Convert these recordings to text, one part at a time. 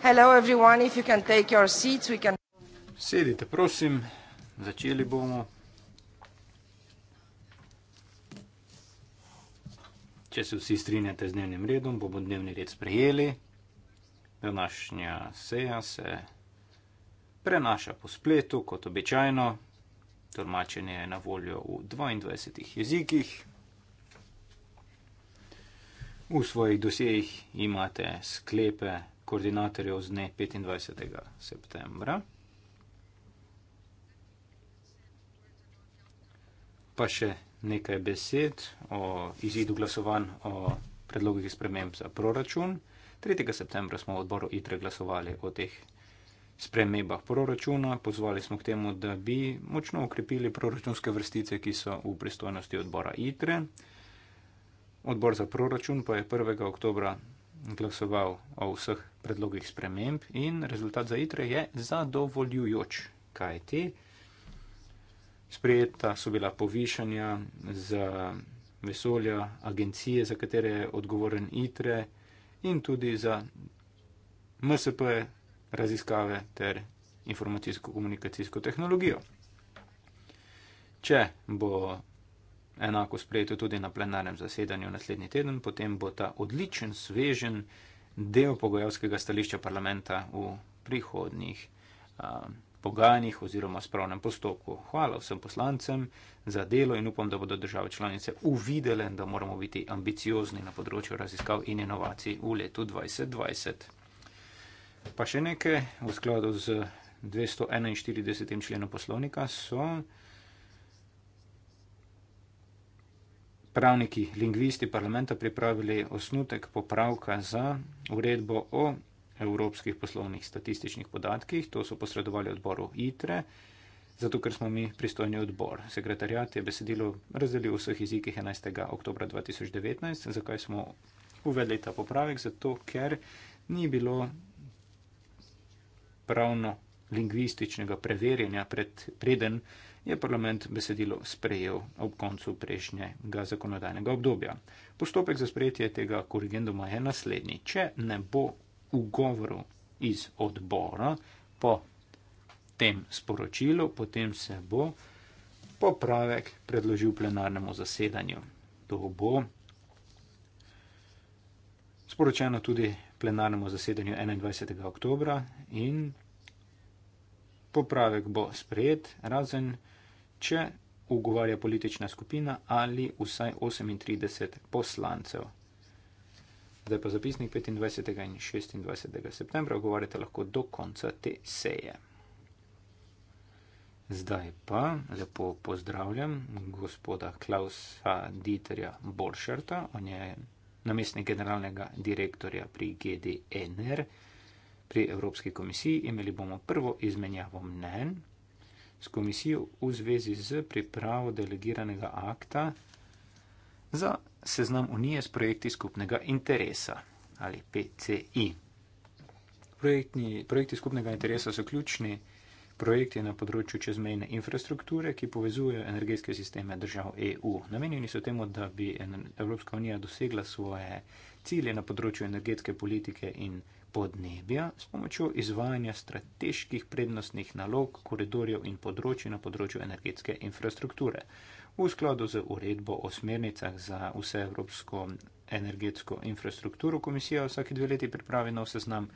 Hello everyone, if you can take your seats, we can... Sedite, prosim, začeli bomo. Če se vsi strinjate z dnevnim redom, bomo dnevni red sprejeli. Današnja seja se prenaša po spletu, kot običajno. Tolmačenje je na voljo v 22 jezikih. V svojih dosejih imate sklepe, koordinatorjev z dne 25. septembra. Pa še nekaj besed o izidu glasovanj o predlogih sprememb za proračun. 3. septembra smo v odboru ITRE glasovali o teh spremembah proračuna. Pozvali smo k temu, da bi močno ukrepili proračunske vrstice, ki so v pristojnosti odbora ITRE. Odbor za proračun pa je 1. oktobra glasoval o vseh predlogih sprememb in rezultat za ITRE je zadovoljujoč, kaj ti. Sprejeta so bila povišanja za vesolja, agencije, za katere je odgovoren ITRE in tudi za MSP raziskave ter informacijsko-komunikacijsko tehnologijo. Če bo enako sprejeto tudi na plenarnem zasedanju naslednji teden, potem bo ta odličen, svežen del pogojevskega stališča parlamenta v prihodnih uh, pogajanjih oziroma spravnem postopku. Hvala vsem poslancem za delo in upam, da bodo države članice uvidele, da moramo biti ambiciozni na področju raziskav in inovacij v letu 2020. Pa še nekaj v skladu z 241. členom poslovnika so. pravniki, lingvisti parlamenta pripravili osnutek popravka za uredbo o evropskih poslovnih statističnih podatkih. To so posredovali odboru ITRE, zato ker smo mi pristojni odbor. Sekretarjat je besedilo razdelil v vseh jezikih 11. oktober 2019. Zakaj smo uvedli ta popravek? Zato, ker ni bilo pravno lingvističnega preverjanja pred preden je parlament besedilo sprejel ob koncu prejšnjega zakonodajnega obdobja. Postopek za sprejetje tega korigenduma je naslednji. Če ne bo ugovoru iz odbora po tem sporočilu, potem se bo popravek predložil plenarnemu zasedanju. To bo sporočeno tudi plenarnemu zasedanju 21. oktobra in popravek bo sprejet, razen če ugovarja politična skupina ali vsaj 38 poslancev. Zdaj pa zapisnik 25. in 26. septembra ugovarjate lahko do konca te seje. Zdaj pa lepo pozdravljam gospoda Klausa Dieterja Boršerta, on je namestnik generalnega direktorja pri GDNR pri Evropski komisiji imeli bomo prvo izmenjavo mnen s komisijo v zvezi z pripravo delegiranega akta za seznam Unije s projekti skupnega interesa ali PCI. Projektni, projekti skupnega interesa so ključni projekti na področju čezmejne infrastrukture, ki povezujejo energetske sisteme držav EU. Namenjeni so temu, da bi Evropska unija dosegla svoje cilje na področju energetske politike in podnebja s pomočjo izvajanja strateških prednostnih nalog, koridorjev in področji na področju energetske infrastrukture. V skladu z uredbo o smernicah za vse evropsko energetsko infrastrukturo komisija vsake dve leti pripravi nov seznam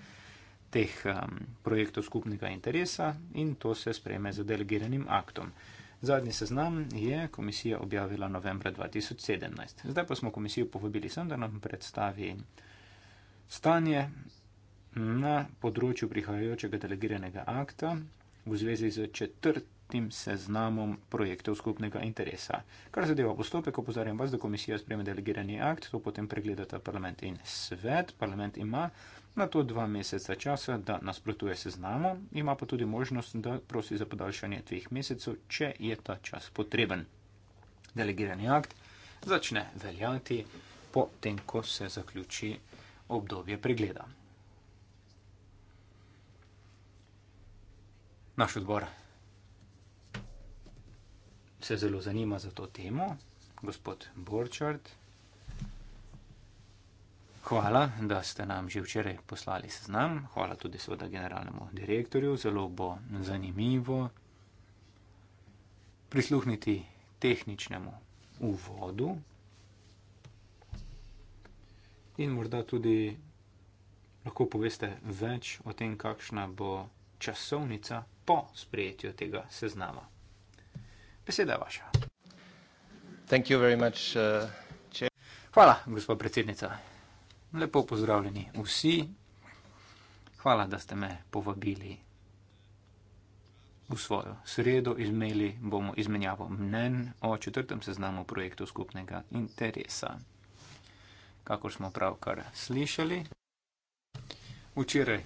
teh um, projektov skupnega interesa in to se spreme z delegiranim aktom. Zadnji seznam je komisija objavila novembra 2017. Zdaj pa smo komisijo povabili sem, da nam predstavi stanje na področju prihajajočega delegiranega akta v zvezi z četrtim seznamom projektov skupnega interesa. Kar zadeva postopek, opozarjam vas, da komisija sprejme delegirani akt, to potem pregledata parlament in svet. Parlament ima na to dva meseca časa, da nasprotuje seznamu, ima pa tudi možnost, da prosi za podaljšanje dveh mesecev, če je ta čas potreben. Delegirani akt začne veljati potem, ko se zaključi obdobje pregleda. naš odbor se zelo zanima za to temo, gospod Borčard. Hvala, da ste nam že včeraj poslali seznam. Hvala tudi seveda generalnemu direktorju. Zelo bo zanimivo prisluhniti tehničnemu uvodu in morda tudi lahko poveste več o tem, kakšna bo časovnica po sprejetju tega seznama. Beseda je vaša. Thank you very much, uh, če... Hvala, gospod predsednica. Lepo pozdravljeni vsi. Hvala, da ste me povabili v svojo sredo. Izmeli bomo izmenjavo mnen o četrtem seznamu projektov skupnega interesa. Kakor smo pravkar slišali, včeraj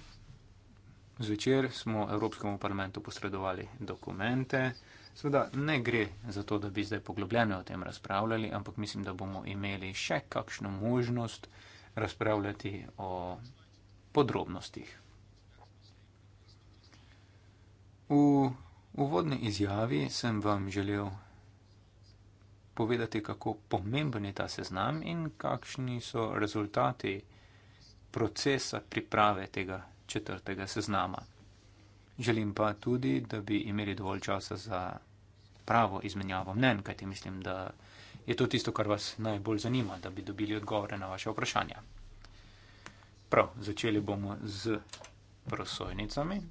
Zvečer smo Evropskemu parlamentu posredovali dokumente. Sveda ne gre za to, da bi zdaj poglobljeno o tem razpravljali, ampak mislim, da bomo imeli še kakšno možnost razpravljati o podrobnostih. V uvodni izjavi sem vam želel povedati, kako pomemben je ta seznam in kakšni so rezultati procesa priprave tega četrtega seznama. Želim pa tudi, da bi imeli dovolj časa za pravo izmenjavo mnen, kajti mislim, da je to tisto, kar vas najbolj zanima, da bi dobili odgovore na vaše vprašanja. Prav, začeli bomo z prosojnicami.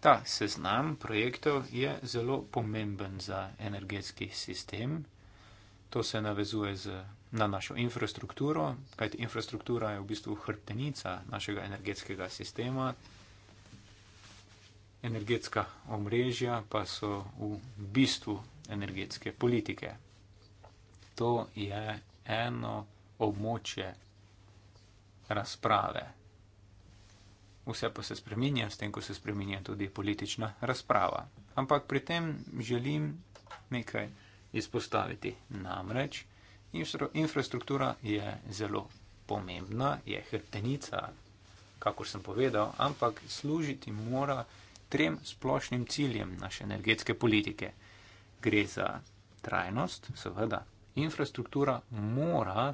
Ta seznam projektov je zelo pomemben za energetski sistem, To se navezuje z, na našo infrastrukturo, kajti infrastruktura je v bistvu hrbtenica našega energetskega sistema. Energetska omrežja pa so v bistvu energetske politike. To je eno območje razprave. Vse pa se spremenja, s tem, ko se spremenja tudi politična razprava. Ampak pri tem želim nekaj izpostaviti. Namreč infrastruktura je zelo pomembna, je hrtenica, kako sem povedal, ampak služiti mora trem splošnim ciljem naše energetske politike. Gre za trajnost, seveda. Infrastruktura mora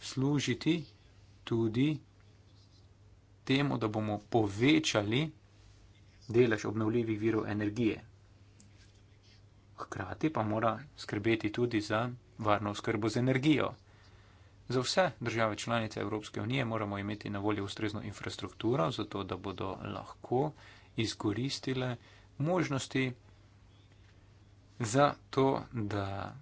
služiti tudi temu, da bomo povečali delež obnovljivih virov energije, hkrati pa mora skrbeti tudi za varno skrbo z energijo. Za vse države članice Evropske unije moramo imeti na voljo ustrezno infrastrukturo, zato da bodo lahko izkoristile možnosti za to, da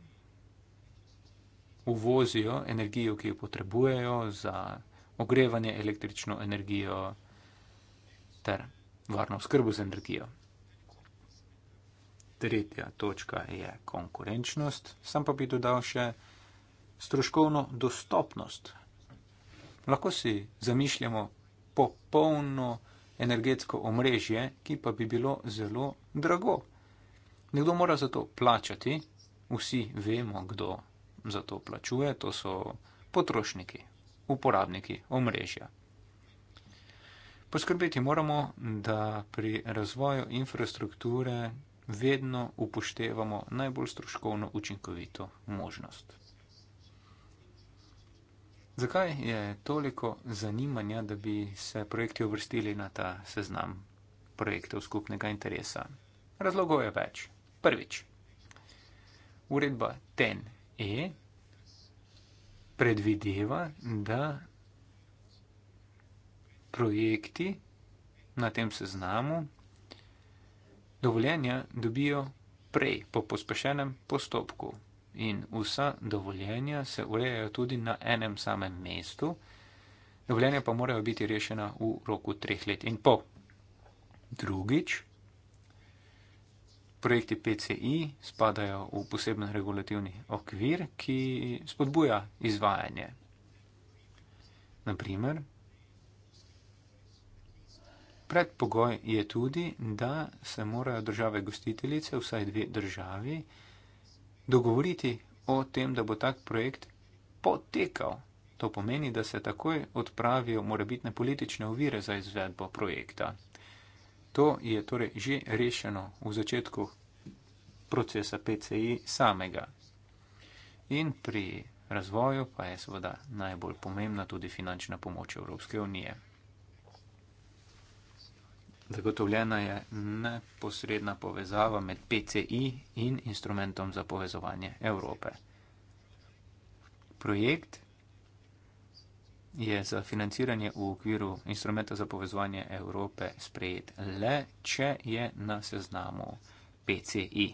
uvozijo energijo, ki jo potrebujejo za ogrevanje, električno energijo ter varno skrbo z energijo tretja točka je konkurenčnost, sam pa bi dodal še stroškovno dostopnost. Lahko si zamišljamo popolno energetsko omrežje, ki pa bi bilo zelo drago. Nekdo mora za to plačati, vsi vemo, kdo za to plačuje, to so potrošniki, uporabniki omrežja. Poskrbeti moramo, da pri razvoju infrastrukture vedno upoštevamo najbolj stroškovno učinkovito možnost. Zakaj je toliko zanimanja, da bi se projekti uvrstili na ta seznam projektov skupnega interesa? Razlogov je več. Prvič, uredba TEN-E predvideva, da projekti na tem seznamu dovoljenja dobijo prej, po pospešenem postopku. In vsa dovoljenja se urejajo tudi na enem samem mestu. Dovoljenja pa morajo biti rešena v roku treh let in pol. Drugič, projekti PCI spadajo v poseben regulativni okvir, ki spodbuja izvajanje. Naprimer, Predpogoj je tudi, da se morajo države gostiteljice, vsaj dve državi, dogovoriti o tem, da bo tak projekt potekal. To pomeni, da se takoj odpravijo morebitne politične ovire za izvedbo projekta. To je torej že rešeno v začetku procesa PCI samega. In pri razvoju pa je seveda najbolj pomembna tudi finančna pomoč Evropske unije. Zagotovljena je neposredna povezava med PCI in instrumentom za povezovanje Evrope. Projekt je za financiranje v okviru instrumenta za povezovanje Evrope sprejet le, če je na seznamu PCI.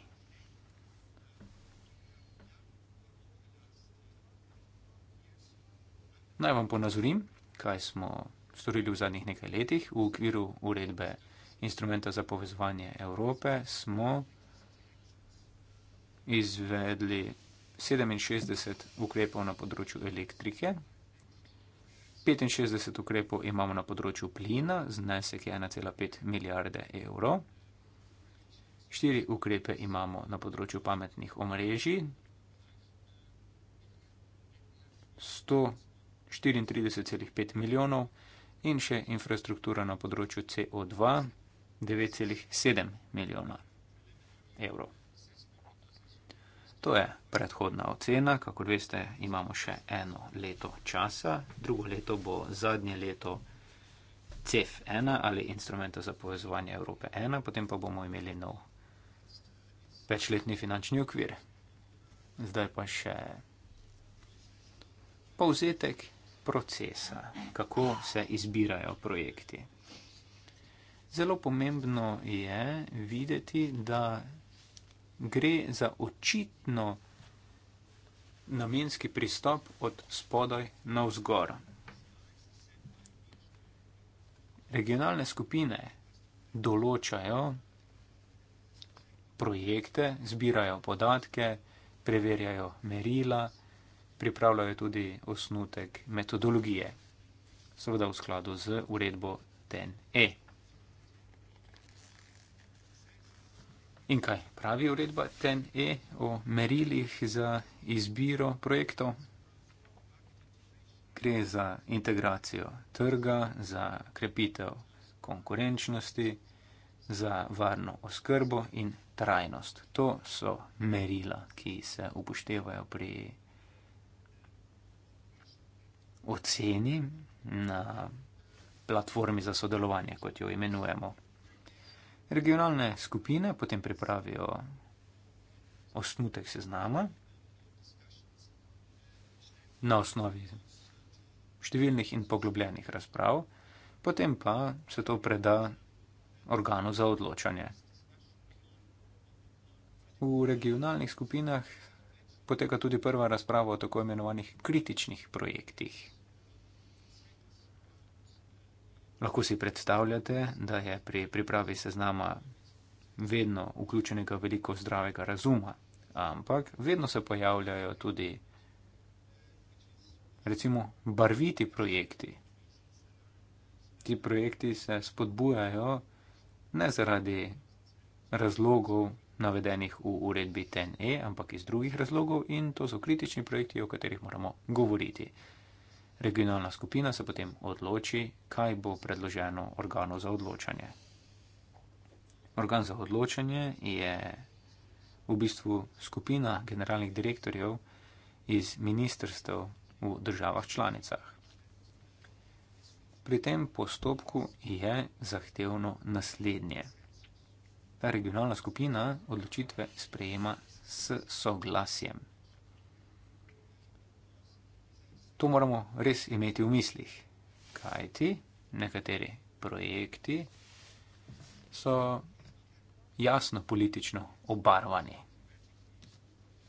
Naj vam ponazorim, kaj smo storili v zadnjih nekaj letih v okviru uredbe instrumenta za povezovanje Evrope, smo izvedli 67 ukrepov na področju elektrike, 65 ukrepov imamo na področju plina, znesek je 1,5 milijarde evrov, 4 ukrepe imamo na področju pametnih omrežij, 134,5 milijonov in še infrastruktura na področju CO2 9,7 milijona evrov. To je predhodna ocena. Kakor veste, imamo še eno leto časa. Drugo leto bo zadnje leto CEF1 ali instrumenta za povezovanje Evrope 1, potem pa bomo imeli nov večletni finančni okvir. Zdaj pa še povzetek procesa, kako se izbirajo projekti. Zelo pomembno je videti, da gre za očitno namenski pristop od spodaj na vzgor. Regionalne skupine določajo projekte, zbirajo podatke, preverjajo merila, pripravljajo tudi osnutek metodologije, seveda v skladu z uredbo TNE. In kaj pravi uredba TNE o merilih za izbiro projektov? Gre za integracijo trga, za krepitev konkurenčnosti, za varno oskrbo in trajnost. To so merila, ki se upoštevajo pri oceni na platformi za sodelovanje, kot jo imenujemo. Regionalne skupine potem pripravijo osnutek seznama na osnovi številnih in poglobljenih razprav, potem pa se to preda organu za odločanje. V regionalnih skupinah poteka tudi prva razprava o tako imenovanih kritičnih projektih. Lahko si predstavljate, da je pri pripravi seznama vedno vključenega veliko zdravega razuma, ampak vedno se pojavljajo tudi recimo barviti projekti. Ti projekti se spodbujajo ne zaradi razlogov, navedenih v uredbi TNE, ampak iz drugih razlogov in to so kritični projekti, o katerih moramo govoriti. Regionalna skupina se potem odloči, kaj bo predloženo organu za odločanje. Organ za odločanje je v bistvu skupina generalnih direktorjev iz ministrstev v državah članicah. Pri tem postopku je zahtevno naslednje. Ta regionalna skupina odločitve sprejema s soglasjem. To moramo res imeti v mislih, kajti nekateri projekti so jasno politično obarvani.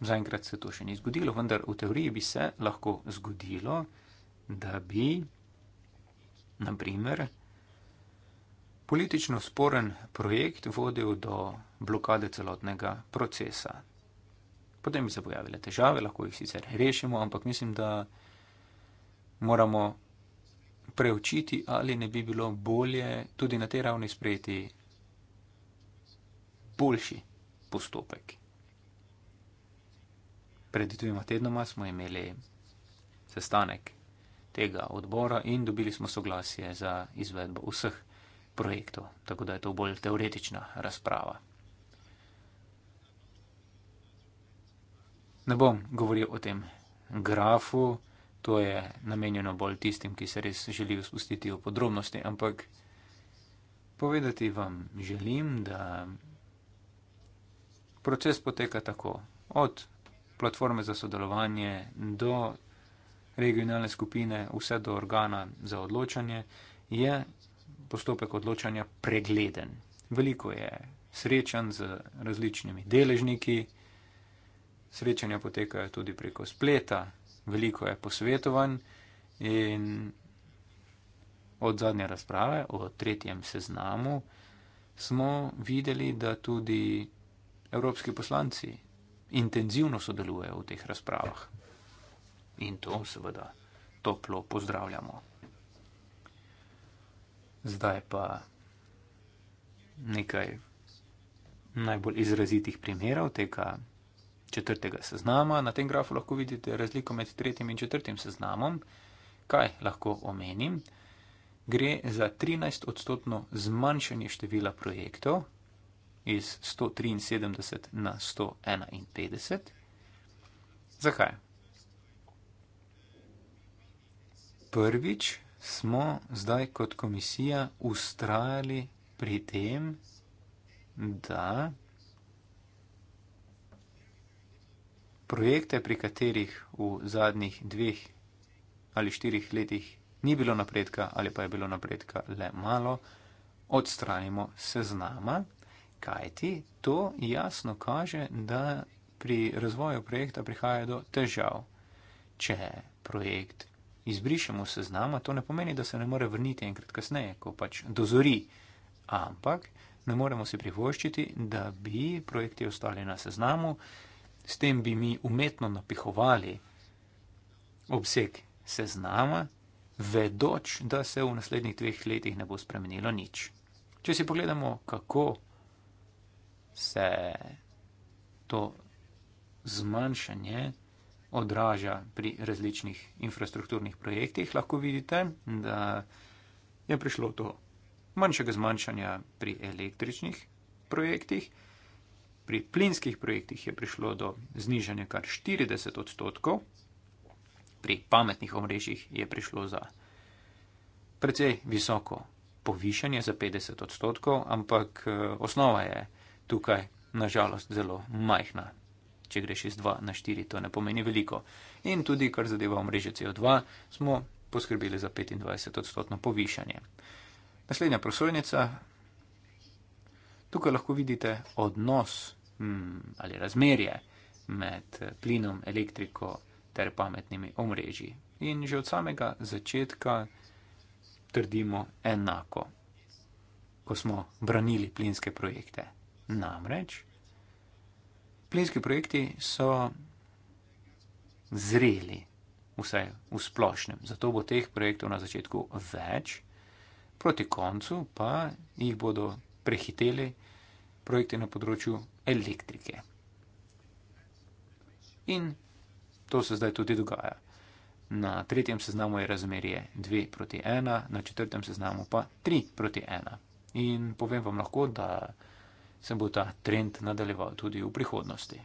Zaenkrat se to še ni zgodilo, vendar v teoriji bi se lahko zgodilo, da bi, naprimer, politično sporen projekt vodil do blokade celotnega procesa. Potem bi se pojavile težave, lahko jih sicer rešimo, ampak mislim, da moramo preučiti, ali ne bi bilo bolje tudi na tej ravni sprejeti boljši postopek. Pred dvima tednoma smo imeli sestanek tega odbora in dobili smo soglasje za izvedbo vseh projektov. Tako da je to bolj teoretična razprava. Ne bom govoril o tem grafu, to je namenjeno bolj tistim, ki se res želijo spustiti v podrobnosti, ampak povedati vam želim, da proces poteka tako od platforme za sodelovanje do regionalne skupine, vse do organa za odločanje, je postopek odločanja pregleden. Veliko je srečanj z različnimi deležniki, srečanja potekajo tudi preko spleta, veliko je posvetovanj in od zadnje razprave o tretjem seznamu smo videli, da tudi evropski poslanci intenzivno sodelujejo v teh razpravah. In to seveda toplo pozdravljamo zdaj pa nekaj najbolj izrazitih primerov tega četrtega seznama. Na tem grafu lahko vidite razliko med tretjim in četrtim seznamom. Kaj lahko omenim? Gre za 13 odstotno zmanjšanje števila projektov iz 173 na 151. Zakaj? Prvič, smo zdaj kot komisija ustrajali pri tem, da projekte, pri katerih v zadnjih dveh ali štirih letih ni bilo napredka ali pa je bilo napredka le malo, odstranimo seznama, kajti to jasno kaže, da pri razvoju projekta prihaja do težav. Če projekt izbrišemo seznama, to ne pomeni, da se ne more vrniti enkrat kasneje, ko pač dozori. Ampak ne moremo si privoščiti, da bi projekti ostali na seznamu, s tem bi mi umetno napihovali obseg seznama, vedoč, da se v naslednjih dveh letih ne bo spremenilo nič. Če si pogledamo, kako se to zmanjšanje odraža pri različnih infrastrukturnih projektih, lahko vidite, da je prišlo do manjšega zmanjšanja pri električnih projektih. Pri plinskih projektih je prišlo do znižanja kar 40 odstotkov, pri pametnih omrežjih je prišlo za precej visoko povišanje za 50 odstotkov, ampak eh, osnova je tukaj nažalost zelo majhna če greš iz 2 na 4, to ne pomeni veliko. In tudi, kar zadeva omrežje CO2, smo poskrbeli za 25 odstotno povišanje. Naslednja prosojnica. Tukaj lahko vidite odnos hmm, ali razmerje med plinom, elektriko ter pametnimi omrežji. In že od samega začetka trdimo enako, ko smo branili plinske projekte. Namreč, plinski projekti so zreli, vsaj v splošnem. Zato bo teh projektov na začetku več, proti koncu pa jih bodo prehiteli projekti na področju elektrike. In to se zdaj tudi dogaja. Na tretjem seznamu je razmerje 2 proti 1, na četrtem seznamu pa 3 proti 1. In povem vam lahko, da se bo ta trend nadaljeval tudi v prihodnosti.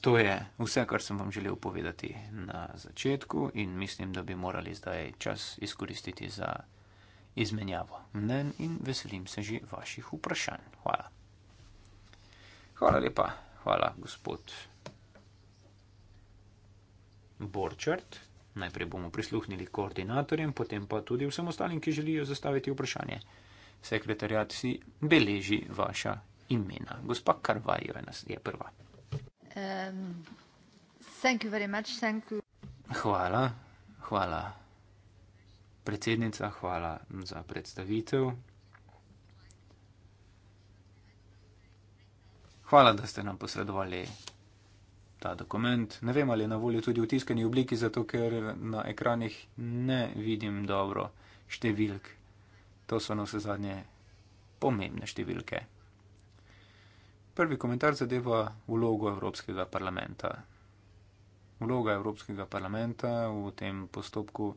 To je vse, kar sem vam želel povedati na začetku in mislim, da bi morali zdaj čas izkoristiti za izmenjavo mnen in veselim se že vaših vprašanj. Hvala. Hvala lepa. Hvala, gospod Borčart. Najprej bomo prisluhnili koordinatorjem, potem pa tudi vsem ostalim, ki želijo zastaviti vprašanje. Sekretarjat si beleži vaša imena. Gospa Karvajo je prva. Um, hvala, hvala. Predsednica, hvala za predstavitev. Hvala, da ste nam posredovali ta dokument. Ne vem, ali je na voljo tudi v tiskani obliki, zato ker na ekranih ne vidim dobro številk. To so na vse zadnje pomembne številke. Prvi komentar zadeva vlogo Evropskega parlamenta. Vloga Evropskega parlamenta v tem postopku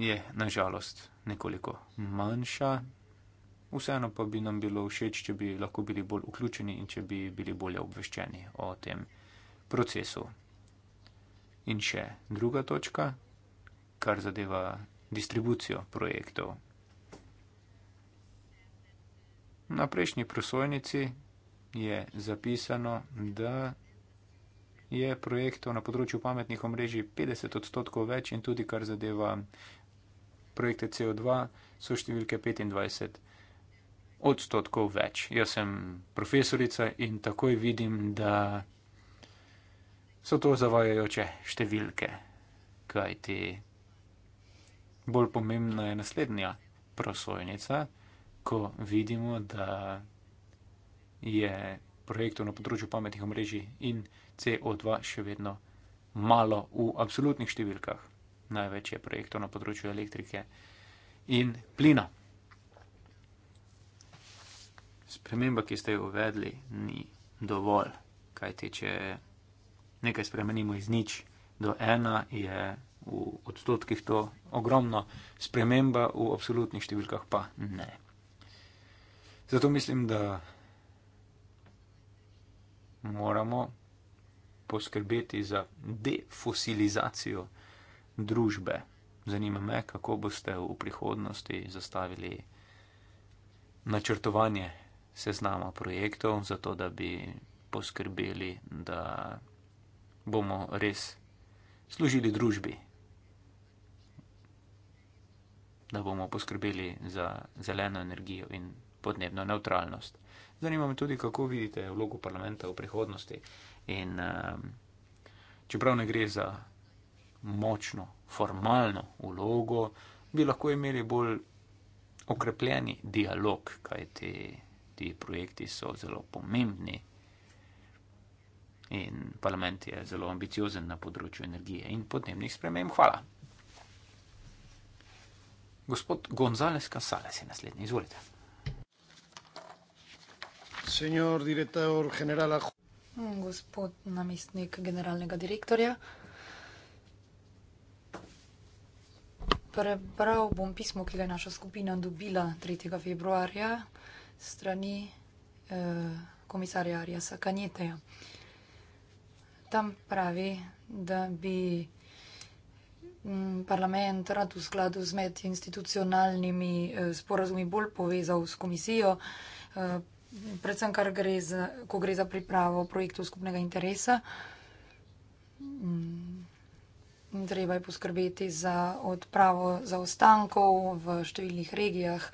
je nažalost nekoliko manjša, vseeno pa bi nam bilo všeč, če bi lahko bili bolj vključeni in če bi bili bolje obveščeni o tem procesu. In še druga točka, kar zadeva distribucijo projektov. Na prejšnji prosojnici je zapisano, da je projektov na področju pametnih omrežij petdeset odstotkov več in tudi kar zadeva projekte COdva, so številke petindvajset odstotkov več. Jaz sem profesorica in takoj vidim, da so to zavajajoče številke, kaj ti bolj pomembna je naslednja prosojnica, ko vidimo, da je projektov na področju pametnih omrežij in CO2 še vedno malo v absolutnih številkah. Največ je projektov na področju elektrike in plina sprememba, ki ste jo uvedli, ni dovolj. Kaj ti, če nekaj spremenimo iz nič do ena, je v odstotkih to ogromno, sprememba v absolutnih številkah pa ne. Zato mislim, da moramo poskrbeti za defosilizacijo družbe. Zanima me, kako boste v prihodnosti zastavili načrtovanje seznama projektov, zato da bi poskrbeli, da bomo res služili družbi, da bomo poskrbeli za zeleno energijo in podnebno neutralnost. Zanima me tudi, kako vidite vlogo parlamenta v prihodnosti in um, čeprav ne gre za močno formalno vlogo, bi lahko imeli bolj okrepljeni dialog, kajti ti projekti so zelo pomembni. In parlament je zelo ambiciozen na področju energije in podnebnih sprememb. Hvala. Gospod Gonzales Casales je naslednji, izvolite. Senor direktor generala. Gospod namestnik generalnega direktorja. Prebral bom pismo, ki ga je naša skupina dobila 3. februarja strani eh, komisarja Arjasa Kanjeteja. Tam pravi, da bi mm, parlament rad v skladu z med institucionalnimi eh, sporazumi bolj povezal s komisijo, eh, predvsem kar gre za, ko gre za pripravo projektov skupnega interesa. Mm, treba je poskrbeti za odpravo zaostankov v številnih regijah,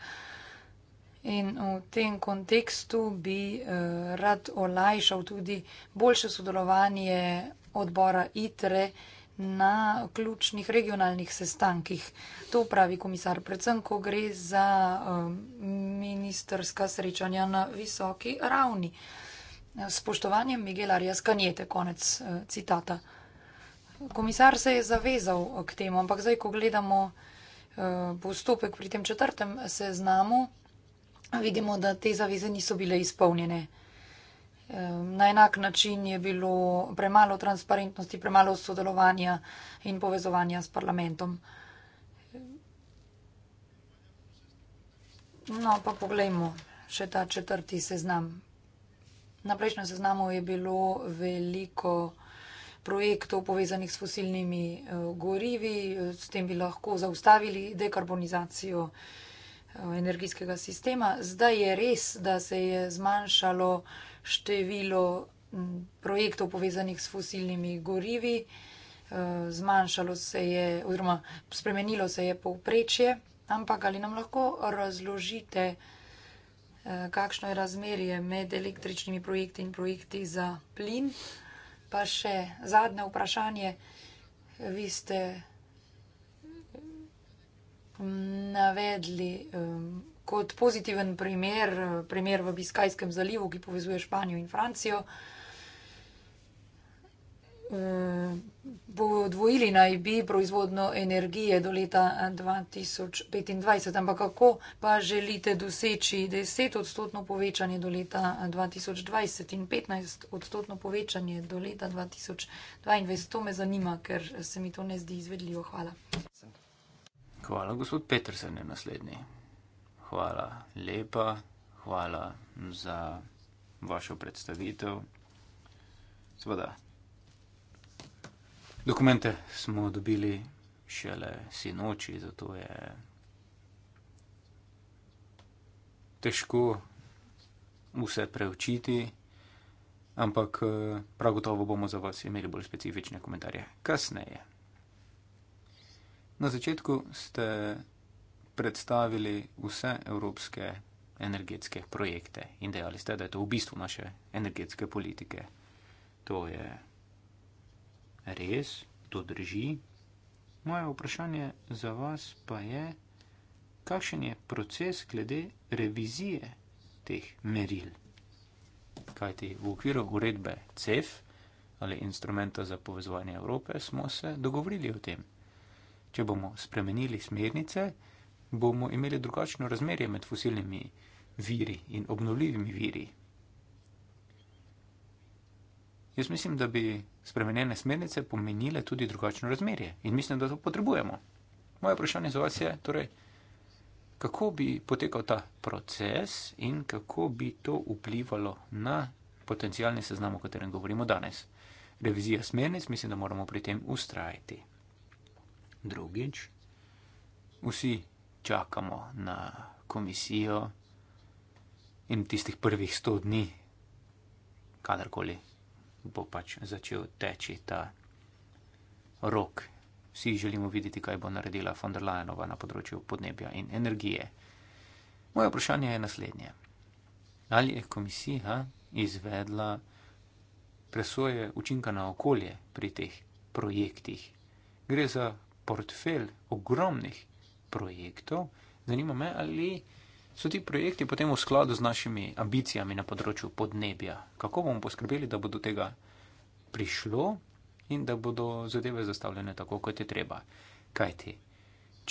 In v tem kontekstu bi uh, rad olajšal tudi boljše sodelovanje odbora ITRE na ključnih regionalnih sestankih. To pravi komisar, predvsem, ko gre za um, eh, ministerska srečanja na visoki ravni. Spoštovanjem Miguelarja skanjete, konec uh, citata. Komisar se je zavezal k temu, ampak zdaj, ko gledamo uh, postopek pri tem četrtem seznamu, vidimo, da te zaveze niso bile izpolnjene. Na enak način je bilo premalo transparentnosti, premalo sodelovanja in povezovanja s parlamentom. No, pa pogledajmo še ta četrti seznam. Na prejšnjem seznamu je bilo veliko projektov povezanih s fosilnimi eh, gorivi, eh, s tem bi lahko zaustavili dekarbonizacijo. Eh, energijskega sistema. Zdaj je res, da se je zmanjšalo število projektov povezanih s fosilnimi gorivi, eh, zmanjšalo se je oziroma spremenilo se je povprečje, ampak ali nam lahko razložite, eh, kakšno je razmerje med električnimi projekti in projekti za plin? Pa še zadnje vprašanje. Vi ste navedli kot pozitiven primer, primer v Biskajskem zalivu, ki povezuje Španijo in Francijo. Podvojili naj bi proizvodno energije do leta 2025, ampak kako pa želite doseči 10 odstotno povečanje do leta 2020 in 15 odstotno povečanje do leta 2022? To me zanima, ker se mi to ne zdi izvedljivo. Hvala. Sem. Hvala, gospod Petersen je naslednji. Hvala lepa, hvala za vašo predstavitev. Sveda. Dokumente smo dobili šele sinoči, zato je težko vse preučiti, ampak eh, prav gotovo bomo za vas imeli bolj specifične komentarje kasneje. Na začetku ste predstavili vse evropske energetske projekte in dejali ste, da je to v bistvu naše energetske politike. To je res, to drži. Moje vprašanje za vas pa je, kakšen je proces glede revizije teh meril? Kaj ti v okviru uredbe CEF ali instrumenta za povezovanje Evrope smo se dogovorili o tem? če bomo spremenili smernice, bomo imeli drugačno razmerje med fosilnimi viri in obnovljivimi viri. Jaz mislim, da bi spremenjene smernice pomenile tudi drugačno razmerje in mislim, da to potrebujemo. Moje vprašanje za vas je torej, kako bi potekal ta proces in kako bi to vplivalo na potencijalni seznam, o katerem govorimo danes. Revizija smernic, mislim, da moramo pri tem ustrajati drugič. Vsi čakamo na komisijo in tistih prvih sto dni, kadarkoli bo pač začel teči ta rok. Vsi želimo videti, kaj bo naredila von der Leyenova na področju podnebja in energije. Moje vprašanje je naslednje. Ali je komisija izvedla presoje učinka na okolje pri teh projektih? Gre za portfelj ogromnih projektov, zanima me, ali so ti projekti potem v skladu z našimi ambicijami na področju podnebja. Kako bomo poskrbeli, da bo do tega prišlo in da bodo zadeve zastavljene tako, kot je treba. Kaj ti?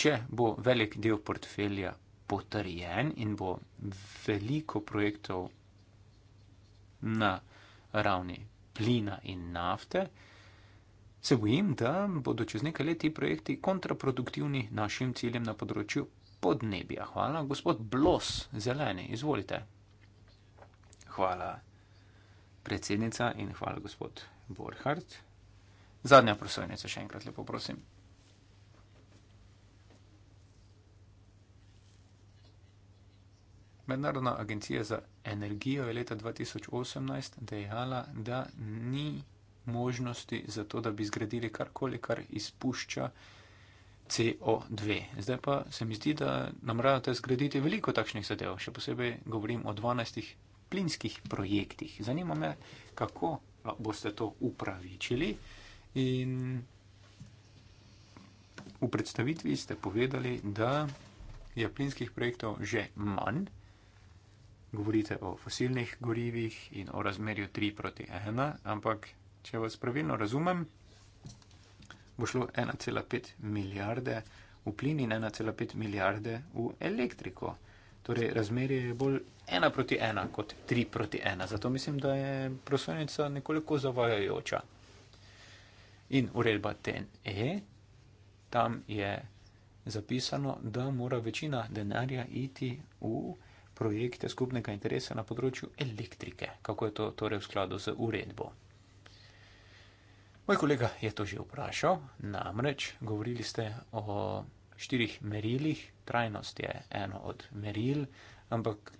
Če bo velik del portfelja potrjen in bo veliko projektov na ravni plina in nafte, Se bojim, da bodo čez nekaj let ti projekti kontraproduktivni našim ciljem na področju podnebja. Hvala, gospod Blos, zeleni, izvolite. Hvala, predsednica in hvala, gospod Borhart. Zadnja prosojnica, še enkrat lepo prosim. Mednarodna agencija za energijo je leta 2018 dejala, da ni možnosti za to, da bi zgradili karkoli, kar izpušča CO2. Zdaj pa se mi zdi, da nameravate zgraditi veliko takšnih zadev, še posebej govorim o 12 plinskih projektih. Zanima me, kako boste to upravičili in v predstavitvi ste povedali, da je plinskih projektov že manj. Govorite o fosilnih gorivih in o razmerju 3 proti 1, ampak če vas pravilno razumem, bo šlo 1,5 milijarde v plin in 1,5 milijarde v elektriko. Torej, razmerje je bolj ena proti ena kot tri proti ena. Zato mislim, da je prosojnica nekoliko zavajajoča. In uredba TNE, tam je zapisano, da mora večina denarja iti v projekte skupnega interesa na področju elektrike. Kako je to torej v skladu z uredbo? Moj kolega je to že vprašal, namreč govorili ste o štirih merilih, trajnost je eno od meril, ampak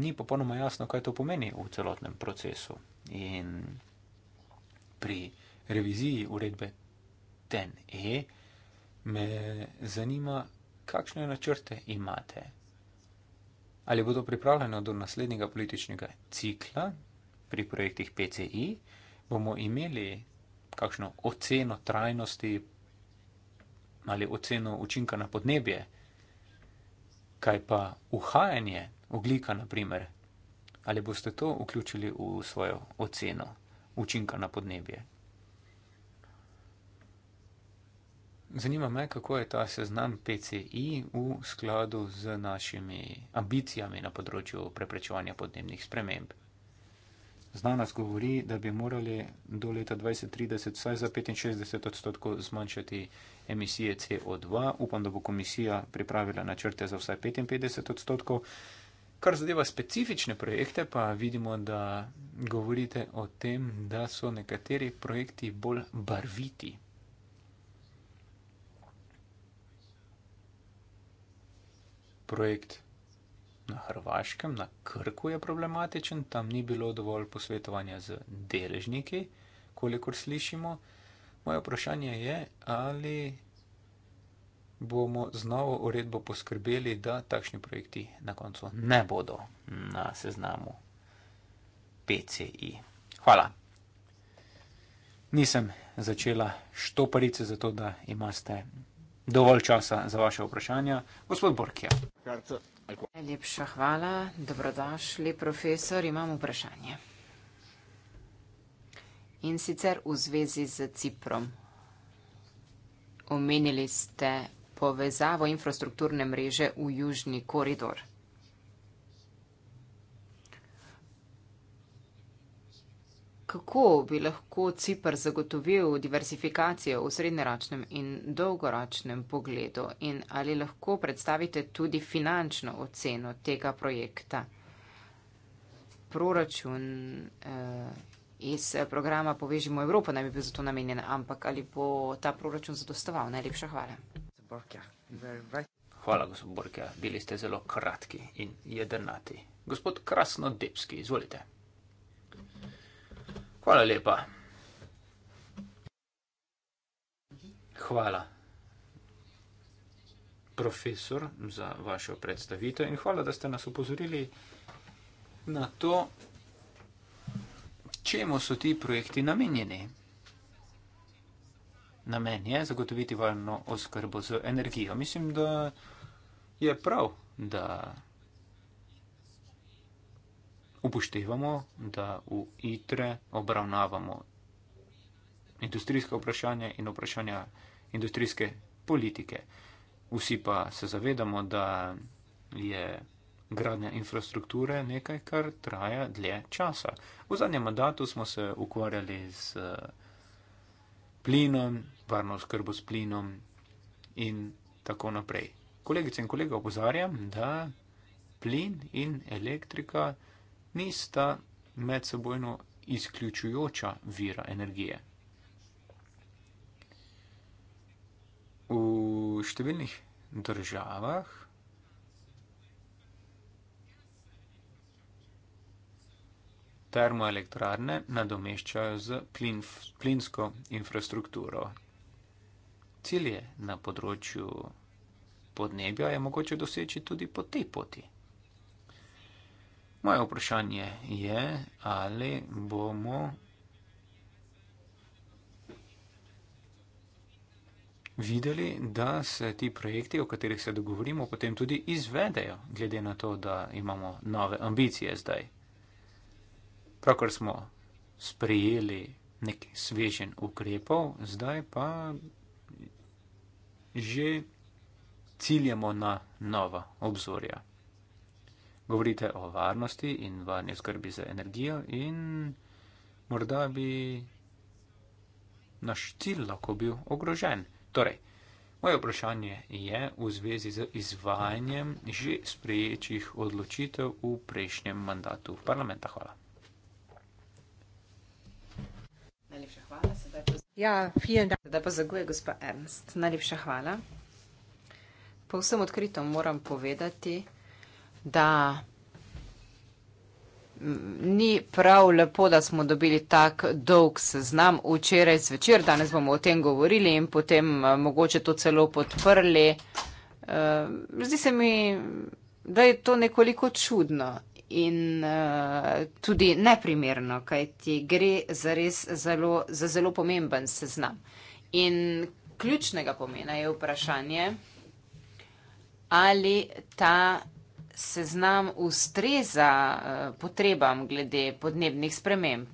ni popolnoma jasno, kaj to pomeni v celotnem procesu. In pri reviziji uredbe TNE me zanima, kakšne načrte imate. Ali bodo pripravljeno do naslednjega političnega cikla pri projektih PCI? Bomo imeli kakšno oceno trajnosti ali oceno učinka na podnebje, kaj pa uhajanje oglika, naprimer, ali boste to vključili v svojo oceno učinka na podnebje. Zanima me, kako je ta seznam PCI v skladu z našimi ambicijami na področju preprečevanja podnebnih sprememb znanost govori, da bi morali do leta 2030 vsaj za 65 odstotkov zmanjšati emisije CO2. Upam, da bo komisija pripravila načrte za vsaj 55 odstotkov. Kar zadeva specifične projekte, pa vidimo, da govorite o tem, da so nekateri projekti bolj barviti. Projekt na Hrvaškem, na Krku je problematičen, tam ni bilo dovolj posvetovanja z deležniki, kolikor slišimo. Moje vprašanje je, ali bomo z novo uredbo poskrbeli, da takšni projekti na koncu ne bodo na seznamu PCI. Hvala. Nisem začela štoparice za to, da imate dovolj časa za vaše vprašanja. Gospod Borkija. Hrca. Najlepša hvala. Dobrodošli, profesor. Imam vprašanje. In sicer v zvezi z Ciprom. Omenili ste povezavo infrastrukturne mreže v južni koridor. kako bi lahko Cipr zagotovil diversifikacijo v srednjeročnem in dolgoročnem pogledu in ali lahko predstavite tudi finančno oceno tega projekta? Proračun eh, iz programa Povežimo Evropo naj bi bil za to namenjen, ampak ali bo ta proračun zadostoval? Najlepša hvala. Hvala, gospod Borkja. Bili ste zelo kratki in jedrnati. Gospod Krasno Debski, izvolite. Hvala lepa. Hvala, profesor, za vašo predstavitev in hvala, da ste nas upozorili na to, čemu so ti projekti namenjeni. Namen je zagotoviti varno oskrbo z energijo. Mislim, da je prav, da upoštevamo, da v ITRE obravnavamo industrijske vprašanja in vprašanja industrijske politike. Vsi pa se zavedamo, da je gradnja infrastrukture nekaj, kar traja dlje časa. V zadnjem mandatu smo se ukvarjali z eh, plinom, varno skrbo s plinom in tako naprej. Kolegice in kolega opozarjam, da plin in elektrika nista medsebojno izključujoča vira energije. V številnih državah termoelektrarne nadomeščajo z plin, plinsko infrastrukturo. Cilje na področju podnebja je mogoče doseči tudi po tej poti. Moje vprašanje je, ali bomo videli, da se ti projekti, o katerih se dogovorimo, potem tudi izvedejo, glede na to, da imamo nove ambicije zdaj. Pravkar smo sprejeli nek svežen ukrepov, zdaj pa že ciljamo na nova obzorja govorite o varnosti in varni skrbi za energijo in morda bi naš cilj lahko bil ogrožen. Torej, moje vprašanje je v zvezi z izvajanjem že sprejetih odločitev v prejšnjem mandatu parlamenta. Hvala. Najlepša hvala. Ja, da zaguje, gospa Ernst. Najlepša hvala. Povsem odkrito moram povedati, da ni prav lepo, da smo dobili tak dolg seznam včeraj zvečer. Danes bomo o tem govorili in potem eh, mogoče to celo podprli. Eh, zdi se mi, da je to nekoliko čudno. In uh, tudi neprimerno, kaj ti gre za res zelo, za zelo pomemben seznam. In ključnega pomena je vprašanje, ali ta seznam ustreza eh, potrebam glede podnebnih sprememb.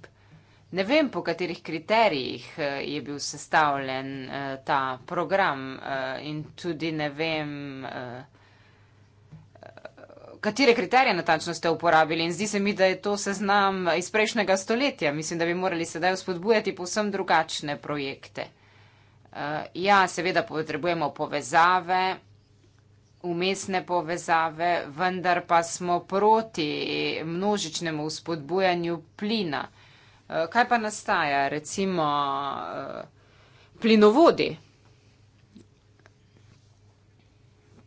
Ne vem, po katerih kriterijih eh, je bil sestavljen eh, ta program in tudi ne vem, katere kriterije natančno ste uporabili. In zdi se mi, da je to seznam iz prejšnjega stoletja. Mislim, da bi morali sedaj vzpodbujati povsem drugačne projekte. Ja, seveda potrebujemo povezave umestne povezave, vendar pa smo proti množičnemu spodbujanju plina. Eh, kaj pa nastaja, recimo, eh, plinovodi?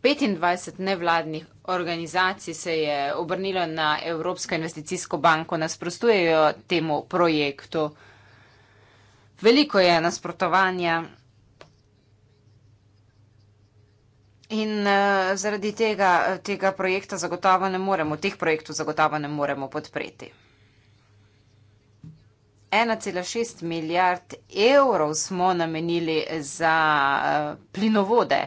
25 nevladnih organizacij se je obrnilo na Evropsko investicijsko banko, nasprostujejo temu projektu. Veliko je nasprotovanja. In uh, zaradi tega, eh, tega projekta zagotovo ne moremo, teh projektov zagotovo ne moremo podpreti. 1,6 milijard evrov smo namenili za uh, plinovode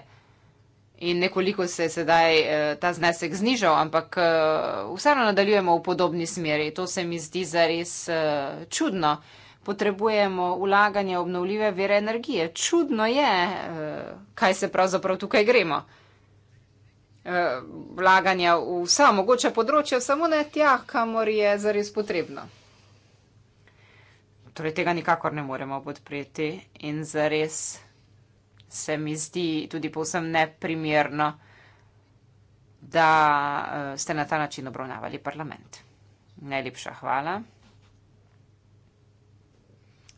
in nekoliko se je sedaj uh, ta znesek znižal, ampak uh, vseeno nadaljujemo v podobni smeri. To se mi zdi zares uh, čudno. Uh, potrebujemo vlaganje obnovljive vere energije. Čudno je, eh, kaj se pravzaprav tukaj gremo. Eh, vlaganja v vsa mogoče področja, samo ne tja, kamor je zares potrebno. Torej, tega nikakor ne moremo podpreti in zares se mi zdi tudi povsem neprimerno, da eh, ste na ta način obravnavali parlament. Najlepša hvala.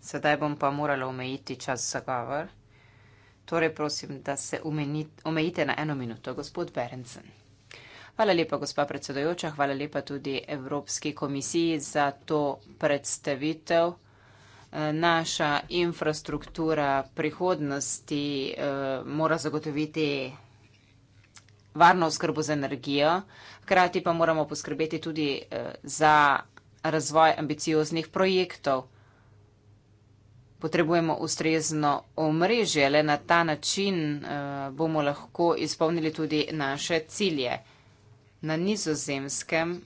Sedaj bom pa morala omejiti čas za govor. Torej prosim, da se omejite na eno minuto, gospod Berensen. Hvala lepa, gospa predsedojoča, hvala lepa tudi Evropski komisiji za to predstavitev. Naša infrastruktura prihodnosti eh, mora zagotoviti varno oskrbo z energijo, hkrati pa moramo poskrbeti tudi eh, za razvoj ambicioznih projektov potrebujemo ustrezno omrežje, le na ta način uh, bomo lahko izpolnili tudi naše cilje. Na nizozemskem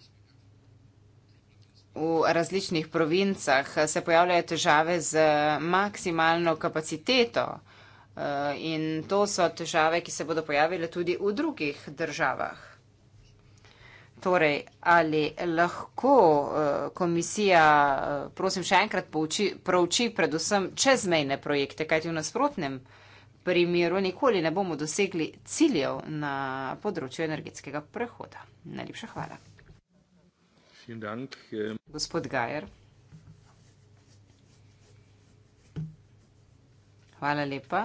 v različnih provincah eh, se pojavljajo težave z maksimalno kapaciteto uh, in to so težave, ki se bodo pojavile tudi v drugih državah. Torej, ali lahko eh, komisija, eh, prosim, še enkrat prouči predvsem čezmejne projekte, kajti v nasprotnem primeru nikoli ne bomo dosegli ciljev na področju energetskega prehoda. Najlepša hvala. Eh. Gospod Gajer. Hvala lepa.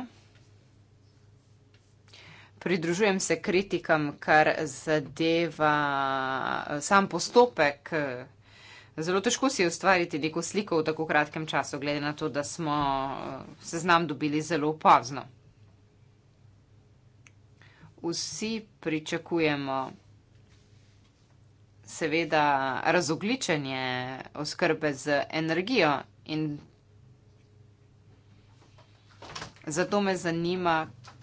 Pridružujem se kritikam, kar zadeva eh, sam postopek. Zelo težko si ustvariti neko sliko v tako kratkem času, glede na to, da smo eh, seznam dobili zelo pozno. Vsi pričakujemo seveda razogličenje oskrbe z energijo in zato me zanima,